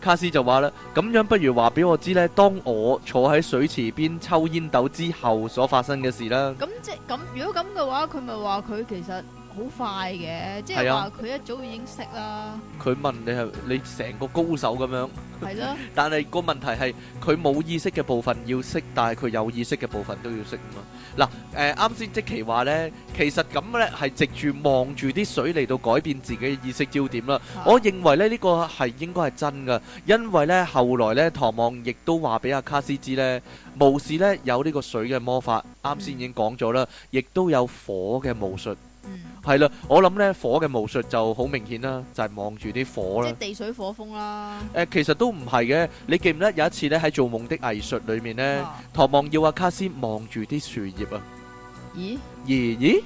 卡斯就話啦，咁樣不如話俾我知咧，當我坐喺水池邊抽煙斗之後所發生嘅事啦。咁即咁，如果咁嘅話，佢咪話佢其實。好快嘅，即係話佢一早已經識啦。佢問你係你成個高手咁樣，係咯？但係個問題係佢冇意識嘅部分要識，但係佢有意識嘅部分都要識嗱，誒、啊，啱、呃、先即奇話呢，其實咁呢係藉住望住啲水嚟到改變自己嘅意識焦點啦。啊、我認為咧呢、這個係應該係真噶，因為呢後來呢，唐望亦都話俾阿卡斯知呢，巫士呢有呢個水嘅魔法，啱先已經講咗啦，亦、嗯、都有火嘅巫術。係啦，我諗呢，火嘅巫術就好明顯啦，就係、是、望住啲火啦。即係地水火風啦。誒、呃，其實都唔係嘅，你記唔記得有一次呢喺做夢的藝術裏面呢，唐、啊、望要阿卡斯望住啲樹葉啊？咦？咦？咦？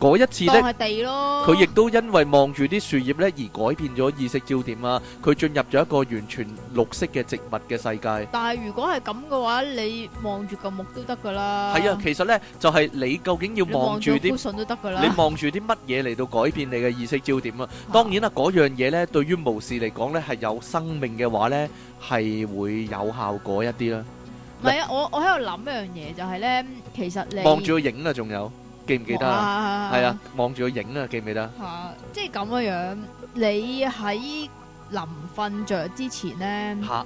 嗰一次咧，佢亦都因為望住啲樹葉咧而改變咗意識焦點啊！佢進入咗一個完全綠色嘅植物嘅世界。但係如果係咁嘅話，你望住個木都得噶啦。係啊，其實咧就係你究竟要望住啲，你望住啲乜嘢嚟到改變你嘅意識焦點啊？當然啦，嗰樣嘢咧對於巫師嚟講咧係有生命嘅話咧係會有效果一啲啦。唔係啊，我我喺度諗一樣嘢就係咧，其實你望住個影啊，仲有。記唔記得啊？係啊，望住個影啊，記唔記得？吓看，即係咁樣樣，你喺臨瞓着之前咧，啊、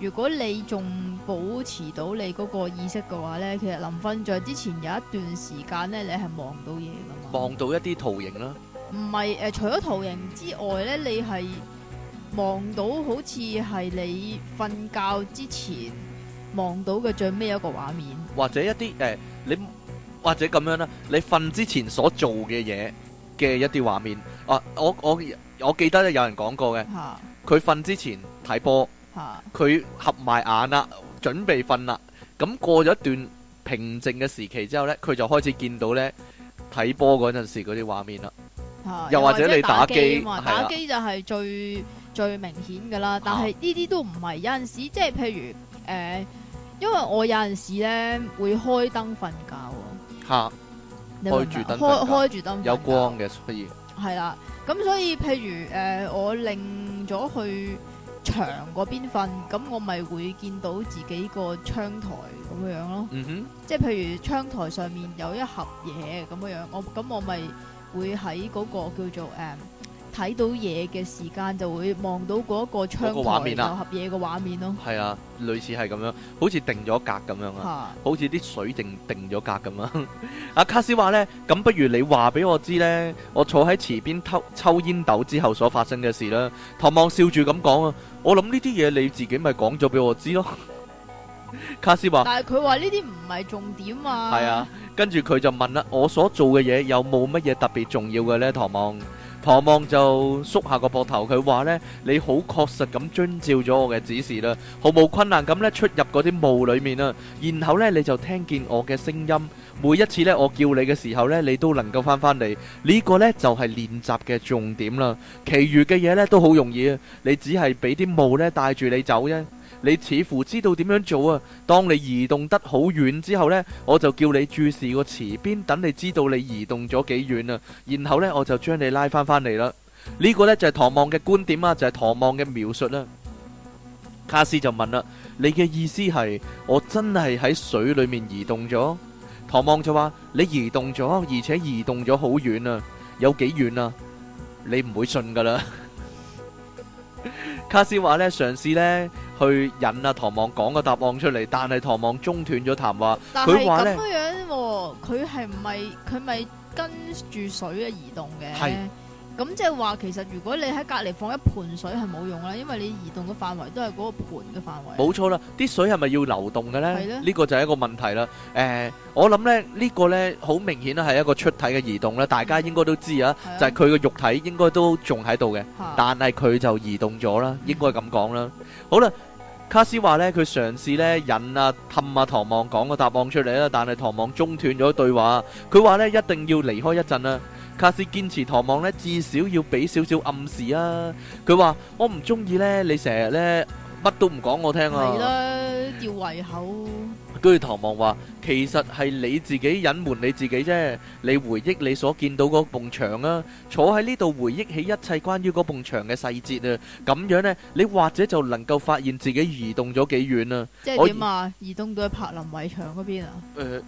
如果你仲保持到你嗰個意識嘅話咧，其實臨瞓着之前有一段時間咧，你係望唔到嘢㗎嘛。望到一啲圖形啦。唔係誒，除咗圖形之外咧，你係望到好似係你瞓覺之前望到嘅最尾一個畫面，或者一啲誒、呃、你。或者咁樣啦，你瞓之前所做嘅嘢嘅一啲畫面，啊，我我我記得咧，有人講過嘅，佢瞓、啊、之前睇波，佢、啊、合埋眼啦，準備瞓啦。咁過咗一段平靜嘅時期之後咧，佢就開始見到咧睇波嗰陣時嗰啲畫面啦。啊、又或者你打，或者打機，係嘅，打機就係最最明顯㗎啦。啊、但係呢啲都唔係有陣時，即、就、係、是、譬如誒、呃，因為我有陣時咧會開燈瞓覺。哈客，開住燈，開開住燈，有光嘅，所以係啦。咁所以，所以譬如誒、呃，我擰咗去牆嗰邊瞓，咁我咪會見到自己個窗台咁樣咯。嗯哼、mm，hmm. 即係譬如窗台上面有一盒嘢咁樣樣，我咁我咪會喺嗰個叫做誒。呃睇到嘢嘅時間就會望到嗰個窗台入面、啊、合嘢嘅畫面咯，係啊，類似係咁樣，好似定咗格咁樣啊，好似啲水定定咗格咁樣。阿 (laughs) 卡斯話呢，咁不如你話俾我知呢，我坐喺池邊抽抽煙斗之後所發生嘅事啦。唐望笑住咁講啊，我諗呢啲嘢你自己咪講咗俾我知咯。 (laughs) 卡斯話說，但係佢話呢啲唔係重點啊。係啊，跟住佢就問啦：我所做嘅嘢有冇乜嘢特別重要嘅呢？」唐望。唐望就縮下個膊頭，佢話呢：你好確實咁遵照咗我嘅指示啦，毫無困難咁呢出入嗰啲霧裏面啦，然後呢，你就聽見我嘅聲音，每一次呢，我叫你嘅時候呢，你都能夠翻返嚟，呢個呢，就係練習嘅重點啦。其餘嘅嘢呢，都好容易啊，你只係俾啲霧呢帶住你走啫。你似乎知道點樣做啊？當你移動得好遠之後呢，我就叫你注視個池邊，等你知道你移動咗幾遠啊。然後呢，我就將你拉翻翻嚟啦。呢個呢，就係唐望嘅觀點啊，就係唐望嘅描述啦。卡斯就問啦：你嘅意思係我真係喺水裏面移動咗？唐望就話：你移動咗，而且移動咗好遠啊，有幾遠啊？你唔會信噶啦。 (laughs) 卡斯話呢，嘗試呢。去引阿唐望講個答案出嚟，但係唐望中斷咗談話。但係佢話咧，咁樣、啊，佢係唔係佢咪跟住水啊移動嘅？咁即係話，其實如果你喺隔籬放一盆水係冇用啦，因為你移動嘅範圍都係嗰個盆嘅範圍。冇錯啦，啲水係咪要流動嘅咧？係咧，呢個就係一個問題啦。誒，我諗咧呢個咧好明顯咧係一個出體嘅移動啦，大家應該都知啊，就係佢嘅肉體應該都仲喺度嘅，但係佢就移動咗啦，應該咁講啦。好啦，卡斯話咧佢嘗試咧引阿氹阿唐望講個答案出嚟啦，但係唐望中斷咗對話，佢話咧一定要離開一陣啦。卡斯堅持唐望咧，至少要俾少少暗示啊！佢話：我唔中意咧，你成日咧乜都唔講我聽啊！係啦，吊胃口。 (music) (music) 跟住唐望話，其實係你自己隱瞞你自己啫。你回憶你所見到嗰埲牆啊，坐喺呢度回憶起一切關於嗰埲牆嘅細節啊，咁樣咧，你或者就能夠發現自己移動咗幾遠啊？即係點啊？移動到柏林圍牆嗰邊啊？誒，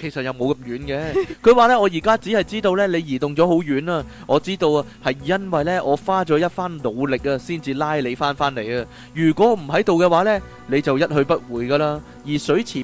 其實又冇咁遠嘅。佢話咧，我而家只係知道咧，你移動咗好遠啊。我知道啊，係因為咧，我花咗一番努力啊，先至拉你翻翻嚟。啊，如果唔喺度嘅話咧，你就一去不回噶啦。而水池。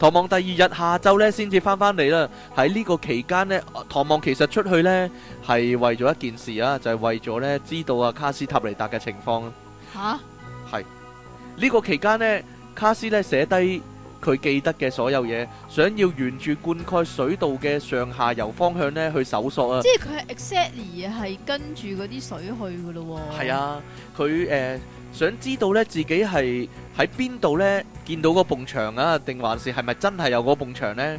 唐望第二日下晝咧先至翻返嚟啦，喺呢個期間呢，唐望其實出去呢，係為咗一件事啊，就係、是、為咗呢，知道啊卡斯塔尼達嘅情況啊。嚇！呢、呢個期間呢，卡斯咧寫低佢記得嘅所有嘢，想要沿住灌溉水道嘅上下游方向呢去搜索啊。即係佢 exactly 係跟住嗰啲水去㗎咯喎。係啊，佢誒。呃想知道咧，自己係喺邊度咧？見到個埲牆啊，定還是係咪真係有個埲牆咧？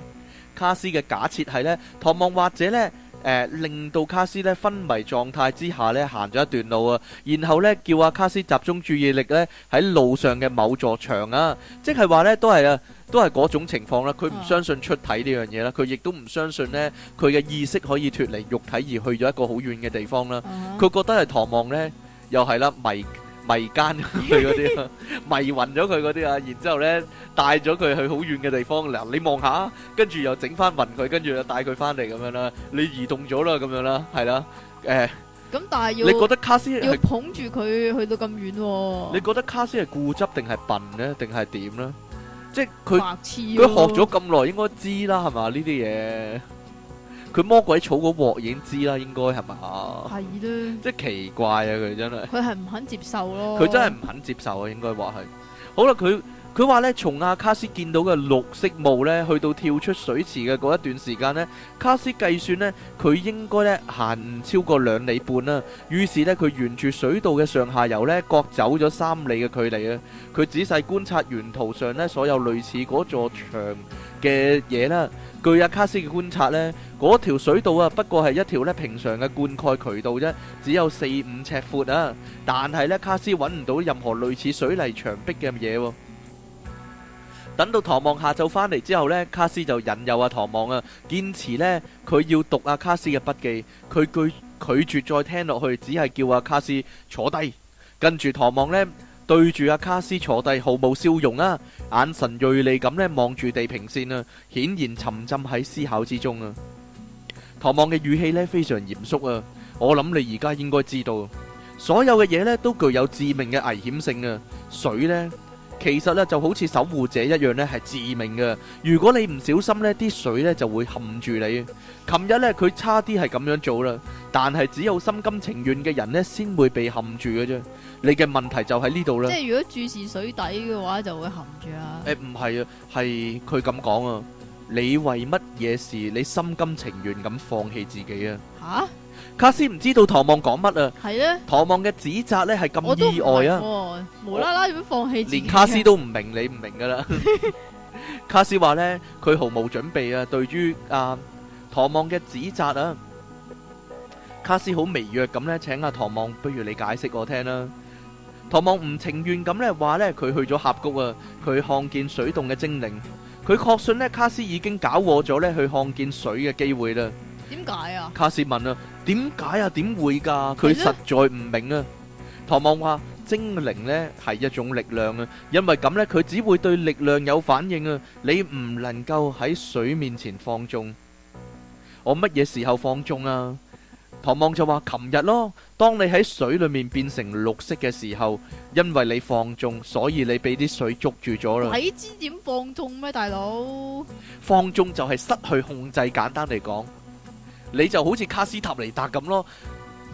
卡斯嘅假設係咧，唐望或者咧，誒、呃、令到卡斯咧昏迷狀態之下咧，行咗一段路啊，然後咧叫阿卡斯集中注意力咧喺路上嘅某座牆啊，即係話咧都係啊，都係嗰種情況啦。佢唔相信出體呢樣嘢啦，佢亦都唔相信咧佢嘅意識可以脫離肉體而去咗一個好遠嘅地方啦。佢覺得係唐望咧，又係啦迷。迷奸佢嗰啲，迷暈咗佢嗰啲啊，然之後咧帶咗佢去好遠嘅地方嗱，你望下，跟住又整翻暈佢，跟住又帶佢翻嚟咁樣啦，你移動咗啦，咁樣啦，係啦，誒、呃，咁但係要你覺得卡斯要捧住佢去到咁遠，哦，你覺得卡斯係固執定係笨咧，定係點咧？即係佢佢學咗咁耐，應該知啦，係嘛呢啲嘢。佢魔鬼草嗰鑊已經知啦，應該係咪啊？係咯的，即係奇怪啊！佢真係佢係唔肯接受咯，佢真係唔肯接受啊！應該話係，好啦，佢。佢話咧，從阿、啊、卡斯見到嘅綠色霧咧，去到跳出水池嘅嗰一段時間呢，卡斯計算呢，佢應該咧行唔超過兩里半啦、啊。於是呢，佢沿住水道嘅上下游咧，割走咗三里嘅距離啊。佢仔細觀察沿途上咧所有類似嗰座牆嘅嘢啦。據阿、啊、卡斯嘅觀察呢，嗰條水道啊，不過係一條咧平常嘅灌溉渠道啫，只有四五尺闊啊。但係咧，卡斯揾唔到任何類似水泥牆壁嘅嘢喎。等到唐望下晝返嚟之後呢，卡斯就引誘阿唐望啊，堅持呢，佢要讀阿卡斯嘅筆記，佢拒拒絕再聽落去，只係叫阿卡斯坐低。跟住唐望呢，對住阿卡斯坐低，毫無笑容啊，眼神銳利咁呢，望住地平線啊，顯然沉浸喺思考之中啊。唐望嘅語氣呢，非常嚴肅啊，我諗你而家應該知道，所有嘅嘢呢，都具有致命嘅危險性啊，水呢。其實咧就好似守護者一樣咧，係致命嘅。如果你唔小心咧，啲水咧就會冚住你。琴日咧佢差啲係咁樣做啦，但係只有心甘情願嘅人咧先會被冚住嘅啫。你嘅問題就喺呢度啦。即係如果注視水底嘅話，就會冚住啊？誒，唔係啊，係佢咁講啊。你為乜嘢事？你心甘情願咁放棄自己啊？吓！卡斯唔知道唐望講乜啊？係咧，唐望嘅指責咧係咁意外啊！無啦啦要放棄自己，連卡斯都唔明，你唔明噶啦。卡斯話咧，佢毫無準備啊，對於啊唐望嘅指責啊，卡斯好微弱咁咧，請阿唐望不如你解釋我聽啦。唐望唔情願咁咧話咧，佢去咗峽谷啊，佢看見水洞嘅精靈，佢確信咧卡斯已經搞過咗咧去看見水嘅機會啦。點解啊？卡士文啊，點解啊？點會噶？佢實在唔明啊。唐望話：精靈呢係一種力量啊，因為咁呢，佢只會對力量有反應啊。你唔能夠喺水面前放縱。我乜嘢時候放縱啊？唐望就話：琴日咯，當你喺水裏面變成綠色嘅時候，因為你放縱，所以你俾啲水捉住咗啦。你知點放縱咩，大佬？放縱就係失去控制，簡單嚟講。你就好似卡斯塔尼達咁咯，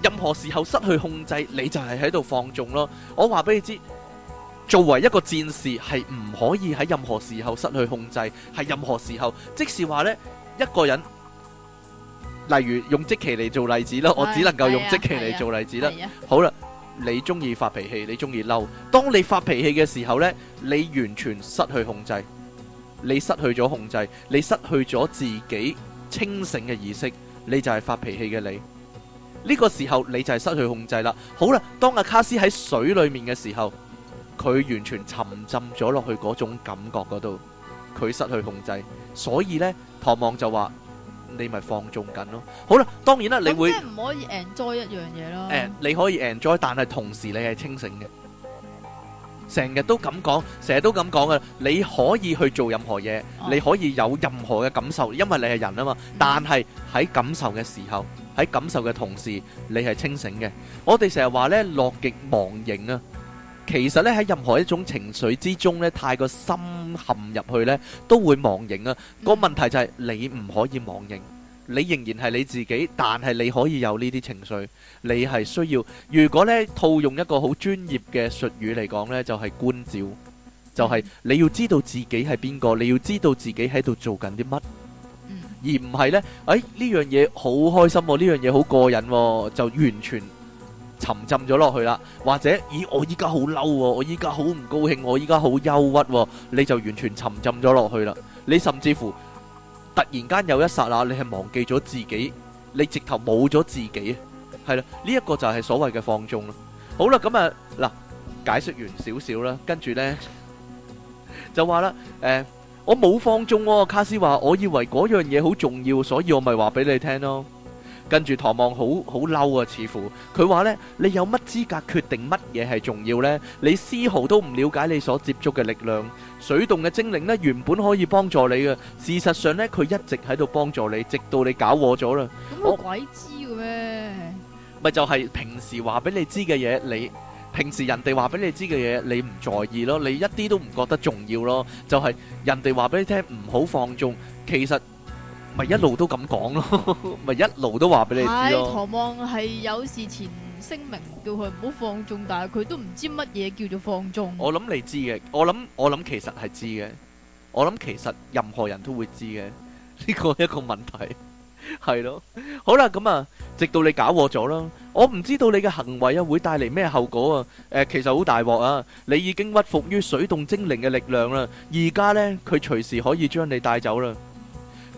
任何時候失去控制，你就係喺度放縱咯。我話俾你知，作為一個戰士，係唔可以喺任何時候失去控制，係任何時候，即係話呢一個人，例如用即期嚟做例子啦，我只能夠用即期嚟做例子啦。好啦，你中意發脾氣，你中意嬲，當你發脾氣嘅時候呢，你完全失去控制，你失去咗控制，你失去咗自己清醒嘅意識。你就係發脾氣嘅你，呢個時候你就係失去控制啦。好啦，當阿卡斯喺水裏面嘅時候，佢完全沉浸咗落去嗰種感覺嗰度，佢失去控制，所以呢，唐望就話你咪放縱緊咯。好啦，當然啦，你會唔可以 enjoy 一樣嘢咯？你可以 enjoy，但係同時你係清醒嘅。成日都咁講，成日都咁講嘅，你可以去做任何嘢，你可以有任何嘅感受，因為你係人啊嘛。但係喺感受嘅時候，喺感受嘅同時，你係清醒嘅。我哋成日話呢，樂極忘形啊。其實呢喺任何一種情緒之中呢，太過深陷入去呢，都會忘形啊。個問題就係你唔可以忘形。你仍然係你自己，但係你可以有呢啲情緒。你係需要，如果咧套用一個好專業嘅術語嚟講呢，就係觀照，就係你要知道自己係邊個，你要知道自己喺度做緊啲乜，而唔係呢，誒呢樣嘢好開心喎，呢樣嘢好過癮喎，就完全沉浸咗落去啦。或者，咦，我依家好嬲喎，我依家好唔高興，我依家好憂鬱喎，你就完全沉浸咗落去啦。你甚至乎。突然間有一剎那，你係忘記咗自己，你直頭冇咗自己啊，係啦，呢一個就係所謂嘅放縱啦。好啦，咁啊，嗱，解釋完少少啦，跟住呢就話啦，誒，我冇放縱，卡斯話，我以為嗰樣嘢好重要，所以我咪話俾你聽咯。跟住唐望好好嬲啊！似乎佢話咧，你有乜資格決定乜嘢係重要咧？你絲毫都唔了解你所接觸嘅力量。水洞嘅精靈咧，原本可以幫助你嘅。事實上咧，佢一直喺度幫助你，直到你搞禍咗啦。咁我鬼知嘅咩？咪就係平時話俾你知嘅嘢，你平時人哋話俾你知嘅嘢，你唔在意咯，你一啲都唔覺得重要咯。就係人哋話俾你聽唔好放縱，其實。咪一路都咁講咯，咪一路都話俾你知咯。唐望係有事前聲明，叫佢唔好放縱，但係佢都唔知乜嘢叫做放縱。我諗你知嘅，我諗我諗其實係知嘅，我諗其實任何人都會知嘅。呢個一個問題係咯，好啦，咁啊，直到你搞禍咗啦，我唔知道你嘅行為啊會帶嚟咩後果啊。誒，其實好大鑊啊！你已經屈服於水動精靈嘅力量啦，而家呢佢隨時可以將你帶走啦。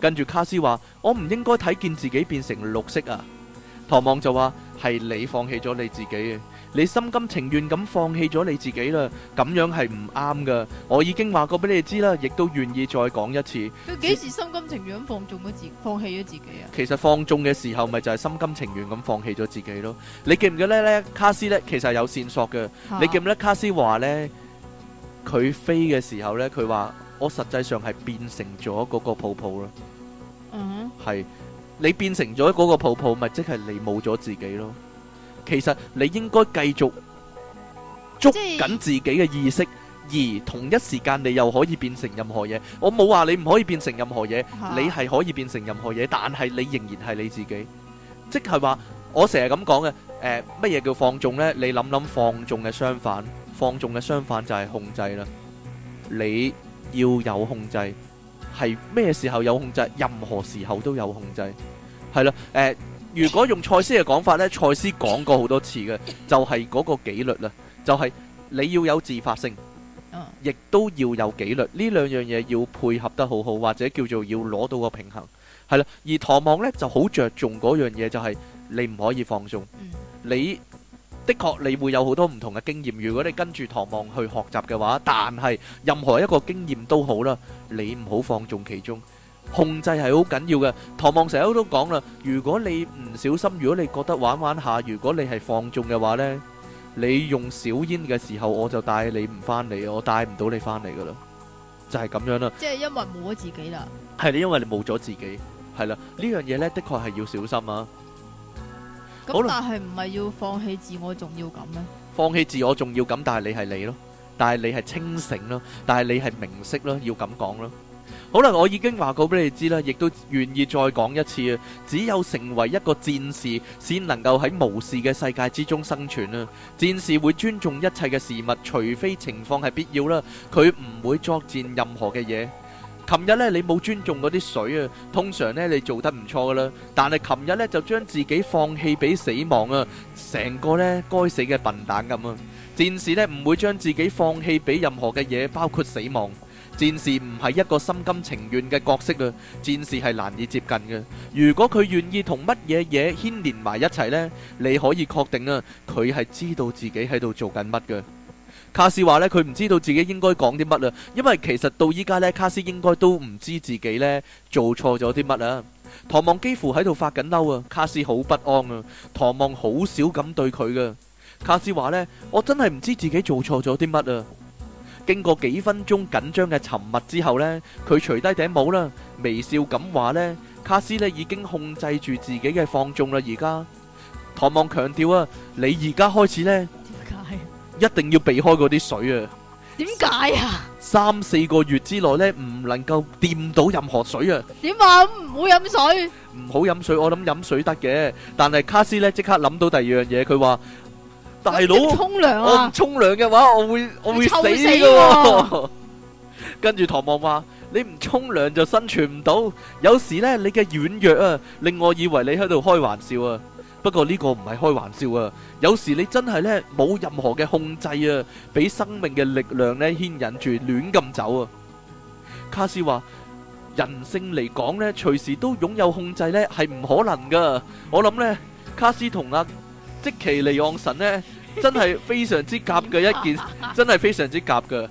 跟住卡斯話：我唔應該睇見自己變成綠色啊！唐望就話：係你放棄咗你自己啊，你心甘情願咁放棄咗你自己啦，咁樣係唔啱噶。我已經話過俾你知啦，亦都願意再講一次。佢幾時心甘情願咁放縱咗自放棄咗自己啊？其實放縱嘅時候，咪就係、是、心甘情願咁放棄咗自己咯。你記唔記得咧？卡斯咧其實有線索嘅。啊、你記唔記得？卡斯話呢，佢飛嘅時候呢，佢話我實際上係變成咗嗰個泡泡咯。嗯，係你變成咗嗰個泡泡，咪即係你冇咗自己咯。其實你應該繼續捉緊自己嘅意識，而同一時間你又可以變成任何嘢。我冇話你唔可以變成任何嘢，你係可以變成任何嘢，但係你仍然係你自己。即係話我成日咁講嘅，誒，乜嘢叫放縱呢？你諗諗放縱嘅相反，放縱嘅相反就係控制啦。你要有控制。係咩時候有控制？任何時候都有控制，係啦。誒、呃，如果用賽斯嘅講法呢，賽斯講過好多次嘅，就係、是、嗰個紀律啦，就係、是、你要有自發性，亦都要有紀律。呢兩樣嘢要配合得好好，或者叫做要攞到個平衡，係啦。而唐望呢就好着重嗰樣嘢，就係、是、你唔可以放鬆。嗯、你的確你會有好多唔同嘅經驗，如果你跟住唐望去學習嘅話，但係任何一個經驗都好啦。你唔好放縱其中，控制係好緊要嘅。唐望成日都講啦，如果你唔小心，如果你覺得玩玩下，如果你係放縱嘅話呢，你用小煙嘅時候，我就帶你唔翻嚟，我帶唔到你翻嚟噶啦，就係咁樣啦。即係因為冇咗自己啦。係你因為你冇咗自己，係啦。呢樣嘢呢，的確係要小心啊。咁但係唔係要放棄自我重要感咩？放棄自我重要感，但係你係你咯。但係你係清醒咯，但係你係明晰咯，要咁講咯。好啦，我已經話過俾你知啦，亦都願意再講一次。只有成為一個戰士，先能夠喺無視嘅世界之中生存啊！戰士會尊重一切嘅事物，除非情況係必要啦。佢唔會作戰任何嘅嘢。琴日呢，你冇尊重嗰啲水啊。通常呢，你做得唔錯噶啦，但係琴日呢就將自己放棄俾死亡啊！成個呢該死嘅笨蛋咁啊！戰士呢唔會將自己放棄俾任何嘅嘢，包括死亡。戰士唔係一個心甘情願嘅角色啊！戰士係難以接近嘅。如果佢願意同乜嘢嘢牽連埋一齊呢，你可以確定啊，佢係知道自己喺度做緊乜嘅。卡斯話呢，佢唔知道自己應該講啲乜啊，因為其實到依家呢，卡斯應該都唔知自己呢做錯咗啲乜啊。唐望幾乎喺度發緊嬲啊，卡斯好不安啊，唐望好少咁對佢噶。卡斯話呢，我真係唔知自己做錯咗啲乜啊！經過幾分鐘緊張嘅沉默之後呢，佢除低頂帽啦，微笑咁話呢：「卡斯呢已經控制住自己嘅放縱啦。而家唐望強調啊，你而家開始呢，點解？一定要避開嗰啲水啊！點解啊？三四個月之內呢，唔能夠掂到任何水啊！點啊？唔好飲水？唔好飲水，我諗飲水得嘅，但係卡斯呢即刻諗到第二樣嘢，佢話。大佬，沖涼啊？我唔沖涼嘅話，我會我會死嘅。跟住唐望話：你唔沖涼就生存唔到。有時咧，你嘅軟弱啊，令我以為你喺度開玩笑啊。不過呢個唔係開玩笑啊。有時你真係咧冇任何嘅控制啊，俾生命嘅力量咧牽引住亂咁走啊。卡斯話：人性嚟講咧，隨時都擁有控制咧係唔可能噶。我諗咧，卡斯同阿。即其利用神呢，真係非常之夾嘅一件，真係非常之夾嘅。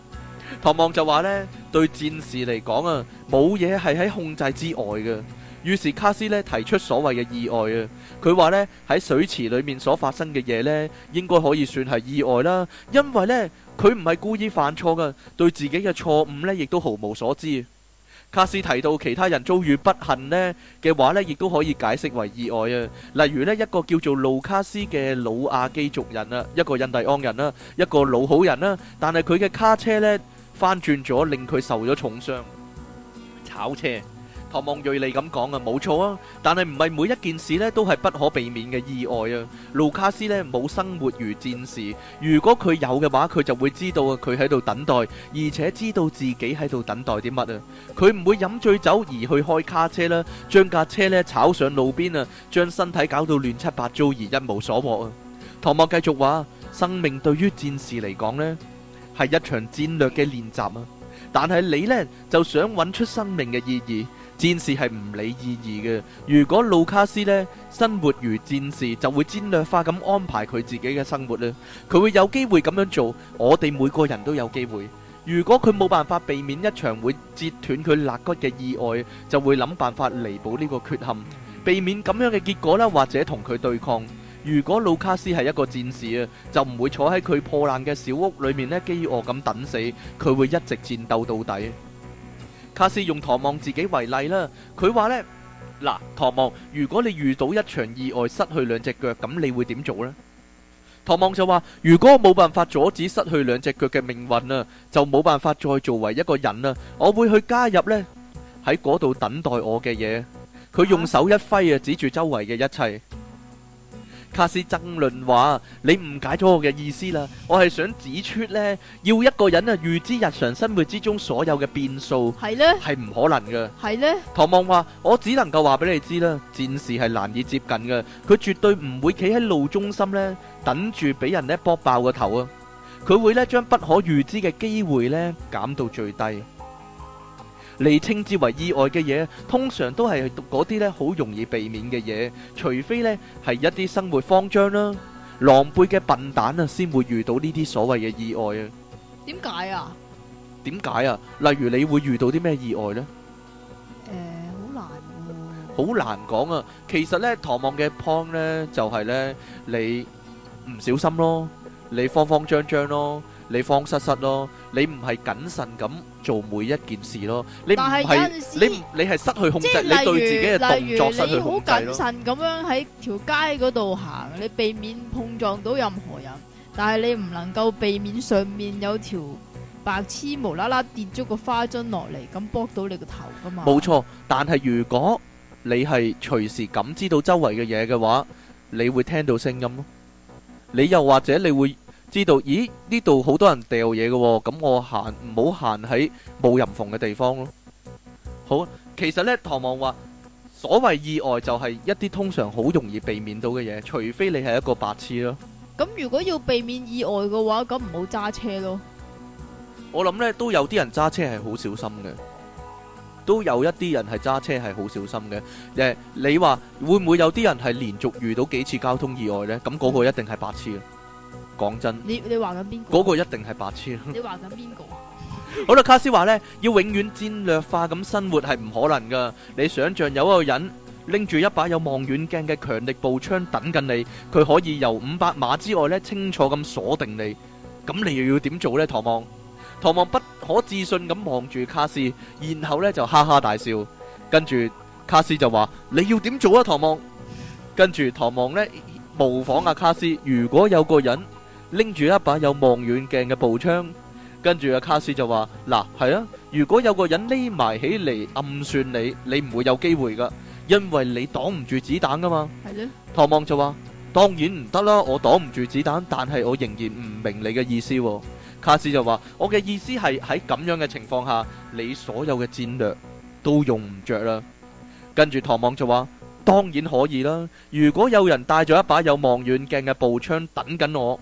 唐望就話呢，對戰士嚟講啊，冇嘢係喺控制之外嘅。於是卡斯呢提出所謂嘅意外啊，佢話呢喺水池裏面所發生嘅嘢呢，應該可以算係意外啦。因為呢，佢唔係故意犯錯噶，對自己嘅錯誤呢，亦都毫無所知。卡斯提到其他人遭遇不幸呢嘅話呢，亦都可以解釋為意外啊。例如呢，一個叫做盧卡斯嘅老亞基族人啊，一個印第安人啦，一個老好人啦，但係佢嘅卡車呢，翻轉咗，令佢受咗重傷，炒車。唐望銳利咁講啊，冇錯啊，但係唔係每一件事呢都係不可避免嘅意外啊。盧卡斯呢冇生活如戰士，如果佢有嘅話，佢就會知道啊，佢喺度等待，而且知道自己喺度等待啲乜啊。佢唔會飲醉酒而去開卡車啦，將架車呢炒上路邊啊，將身體搞到亂七八糟而一無所獲啊。唐望繼續話：生命對於戰士嚟講呢，係一場戰略嘅練習啊，但係你呢，就想揾出生命嘅意義。戰士係唔理意義嘅。如果路卡斯咧生活如戰士，就會戰略化咁安排佢自己嘅生活咧。佢會有機會咁樣做，我哋每個人都有機會。如果佢冇辦法避免一場會折斷佢肋骨嘅意外，就會諗辦法彌補呢個缺陷，避免咁樣嘅結果啦。或者同佢對抗。如果路卡斯係一個戰士啊，就唔會坐喺佢破爛嘅小屋裏面呢飢餓咁等死。佢會一直戰鬥到底。卡斯用唐望自己為例啦，佢話呢，嗱，唐望，如果你遇到一場意外失去兩隻腳，咁你會點做呢？唐望就話：如果我冇辦法阻止失去兩隻腳嘅命運啊，就冇辦法再作為一個人啊，我會去加入呢，喺嗰度等待我嘅嘢。佢用手一揮啊，指住周圍嘅一切。卡斯爭論話：你誤解咗我嘅意思啦，我係想指出咧，要一個人啊預知日常生活之中所有嘅變數，係咧係唔可能嘅，係咧。唐望話：我只能夠話俾你知啦，戰士係難以接近嘅，佢絕對唔會企喺路中心咧，等住俾人咧搏爆個頭啊！佢會咧將不可預知嘅機會咧減到最低。你稱之為意外嘅嘢，通常都係讀嗰啲咧好容易避免嘅嘢，除非咧係一啲生活慌張啦、狼狽嘅笨蛋啊，先會遇到呢啲所謂嘅意外啊。點解啊？點解啊？例如你會遇到啲咩意外咧？誒，好難，好難講啊！其實咧，唐望嘅 point 咧就係咧，你唔小心咯，你慌慌張張咯，你慌失失咯，你唔係謹慎咁，做每一件事咯，你唔係你，你係失去控制，你對自己嘅動作失去控制咯。例如你好謹慎咁樣喺條街嗰度行，你避免碰撞到任何人，但係你唔能夠避免上面有條白痴無啦啦跌咗個花樽落嚟，咁卜到你個頭㗎嘛？冇錯，但係如果你係隨時感知到周圍嘅嘢嘅話，你會聽到聲音咯。你又或者你會？知道，咦？呢度好多人掉嘢嘅，咁我行唔好行喺冇人逢嘅地方咯。好，其實呢，唐望話，所謂意外就係一啲通常好容易避免到嘅嘢，除非你係一個白痴咯。咁如果要避免意外嘅話，咁唔好揸車咯。我諗呢都有啲人揸車係好小心嘅，都有一啲人係揸車係好小心嘅。誒，你話會唔會有啲人係連續遇到幾次交通意外呢？咁嗰個一定係白痴。講真你，你你話緊邊個？嗰個一定係白痴。你話緊邊個？好啦，卡斯話呢，要永遠戰略化咁生活係唔可能噶。你想象有一個人拎住一把有望遠鏡嘅強力步槍等緊你，佢可以由五百碼之外呢，清楚咁鎖定你。咁你又要點做呢？唐望，唐望不可置信咁望住卡斯，然後呢就哈哈大笑。跟住卡斯就話：你要點做啊？唐望。跟住唐望呢，模仿阿、啊、卡斯，如果有個人。拎住一把有望遠鏡嘅步槍，跟住阿卡斯就話嗱係啊。如果有個人匿埋起嚟暗算你，你唔會有機會噶，因為你擋唔住子彈噶嘛。係啊。唐望就話當然唔得啦，我擋唔住子彈，但係我仍然唔明你嘅意思。卡斯就話我嘅意思係喺咁樣嘅情況下，你所有嘅戰略都用唔着啦。跟住唐望就話當然可以啦，如果有人帶咗一把有望遠鏡嘅步槍等緊我。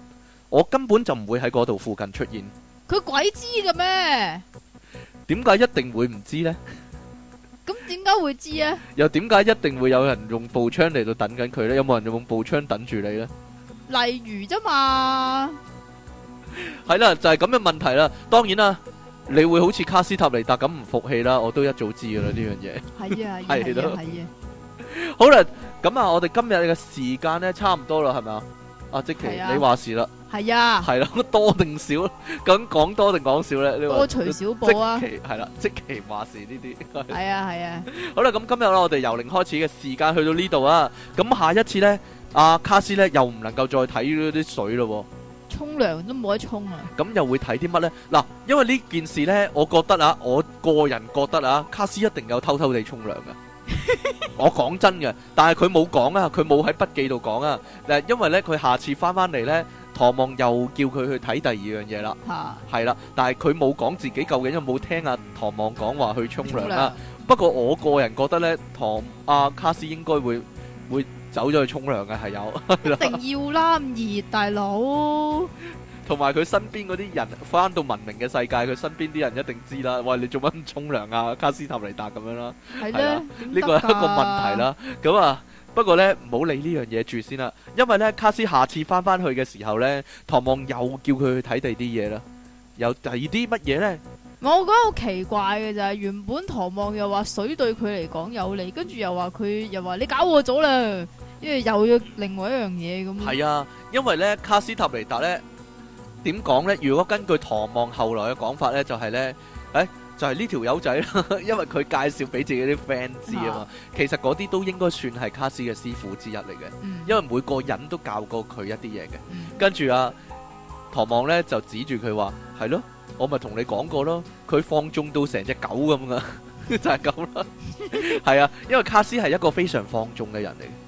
我根本就唔會喺嗰度附近出現。佢鬼知嘅咩？點解一定會唔知呢？咁點解會知啊？又點解一定會有人用步槍嚟到等緊佢呢？有冇人用步槍等住你呢？例如啫嘛。係啦，就係咁嘅問題啦。當然啦，你會好似卡斯塔尼達咁唔服氣啦。我都一早知噶啦呢樣嘢。係啊，係咯，係啊。好啦，咁啊，我哋今日嘅時間呢，差唔多啦，係咪啊？啊，即期，你話事啦。係啊，係啦，啊啊、 (laughs) 多定少是？咁 (laughs) 講多定講少咧？多除少補啊！即期係啦，即期話事呢啲。係 (laughs) 啊，係啊。 (laughs) 好啦，咁、嗯、今日啦，我哋由零開始嘅時間去到呢度啊。咁下一次咧，阿、啊、卡斯咧又唔能夠再睇呢啲水咯。沖涼都冇得沖啊！咁又會睇啲乜咧？嗱、啊，因為呢件事咧，我覺得啊，我個人覺得啊，卡斯一定有偷偷，偷地沖涼㗎。 (laughs) 我講真嘅，但係佢冇講啊，佢冇喺筆記度講啊。嗱，因為呢，佢下次翻翻嚟呢，唐望又叫佢去睇第二樣嘢啦。係啦、啊，但係佢冇講自己究竟有冇聽阿、啊、唐望講話去沖涼啊。澡不過我個人覺得呢，唐阿、啊、卡斯應該會會走咗去沖涼嘅，係有。一定要啦，咁熱大佬。同埋佢身邊嗰啲人翻到文明嘅世界，佢身邊啲人一定知啦。喂，你做乜唔沖涼啊？卡斯塔尼達咁樣啦，係啦呢，呢個、係、一個問題啦、啊。咁 (laughs) 啊，不過咧唔好理呢樣嘢住先啦，因為咧卡斯下次翻翻去嘅時候咧，唐望又叫佢去睇第二啲嘢啦。又第二啲乜嘢咧？我覺得好奇怪嘅就係，原本唐望又話水對佢嚟講有利，跟住又話佢又話你搞我咗啦，因為又要另外一樣嘢咁。係啊，因為咧卡斯塔尼達咧。點講呢？如果根據唐望後來嘅講法呢，就係、是、咧，誒、哎，就係呢條友仔啦， (laughs) 因為佢介紹俾自己啲 friend 知啊嘛。其實嗰啲都應該算係卡斯嘅師傅之一嚟嘅，嗯、因為每個人都教過佢一啲嘢嘅。跟住、嗯、啊，唐望呢就指住佢話：係咯、嗯，我咪同你講過咯，佢放縱到成隻狗咁噶， (laughs) 就係咁啦。係啊，因為卡斯係一個非常放縱嘅人嚟。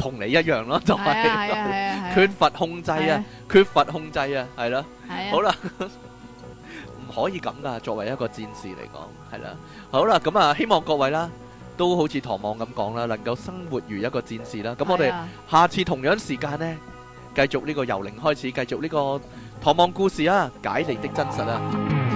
同你一樣咯，就係缺乏控制啊，缺乏控制啊，係咯。好啦，唔可以咁噶。作為一個戰士嚟講，係啦。好啦，咁啊，希望各位啦，都好似唐望咁講啦，能夠生活如一個戰士啦。咁我哋下次同樣時間呢，繼續呢個由零開始，繼續呢個唐望故事啊，解離的真實啊。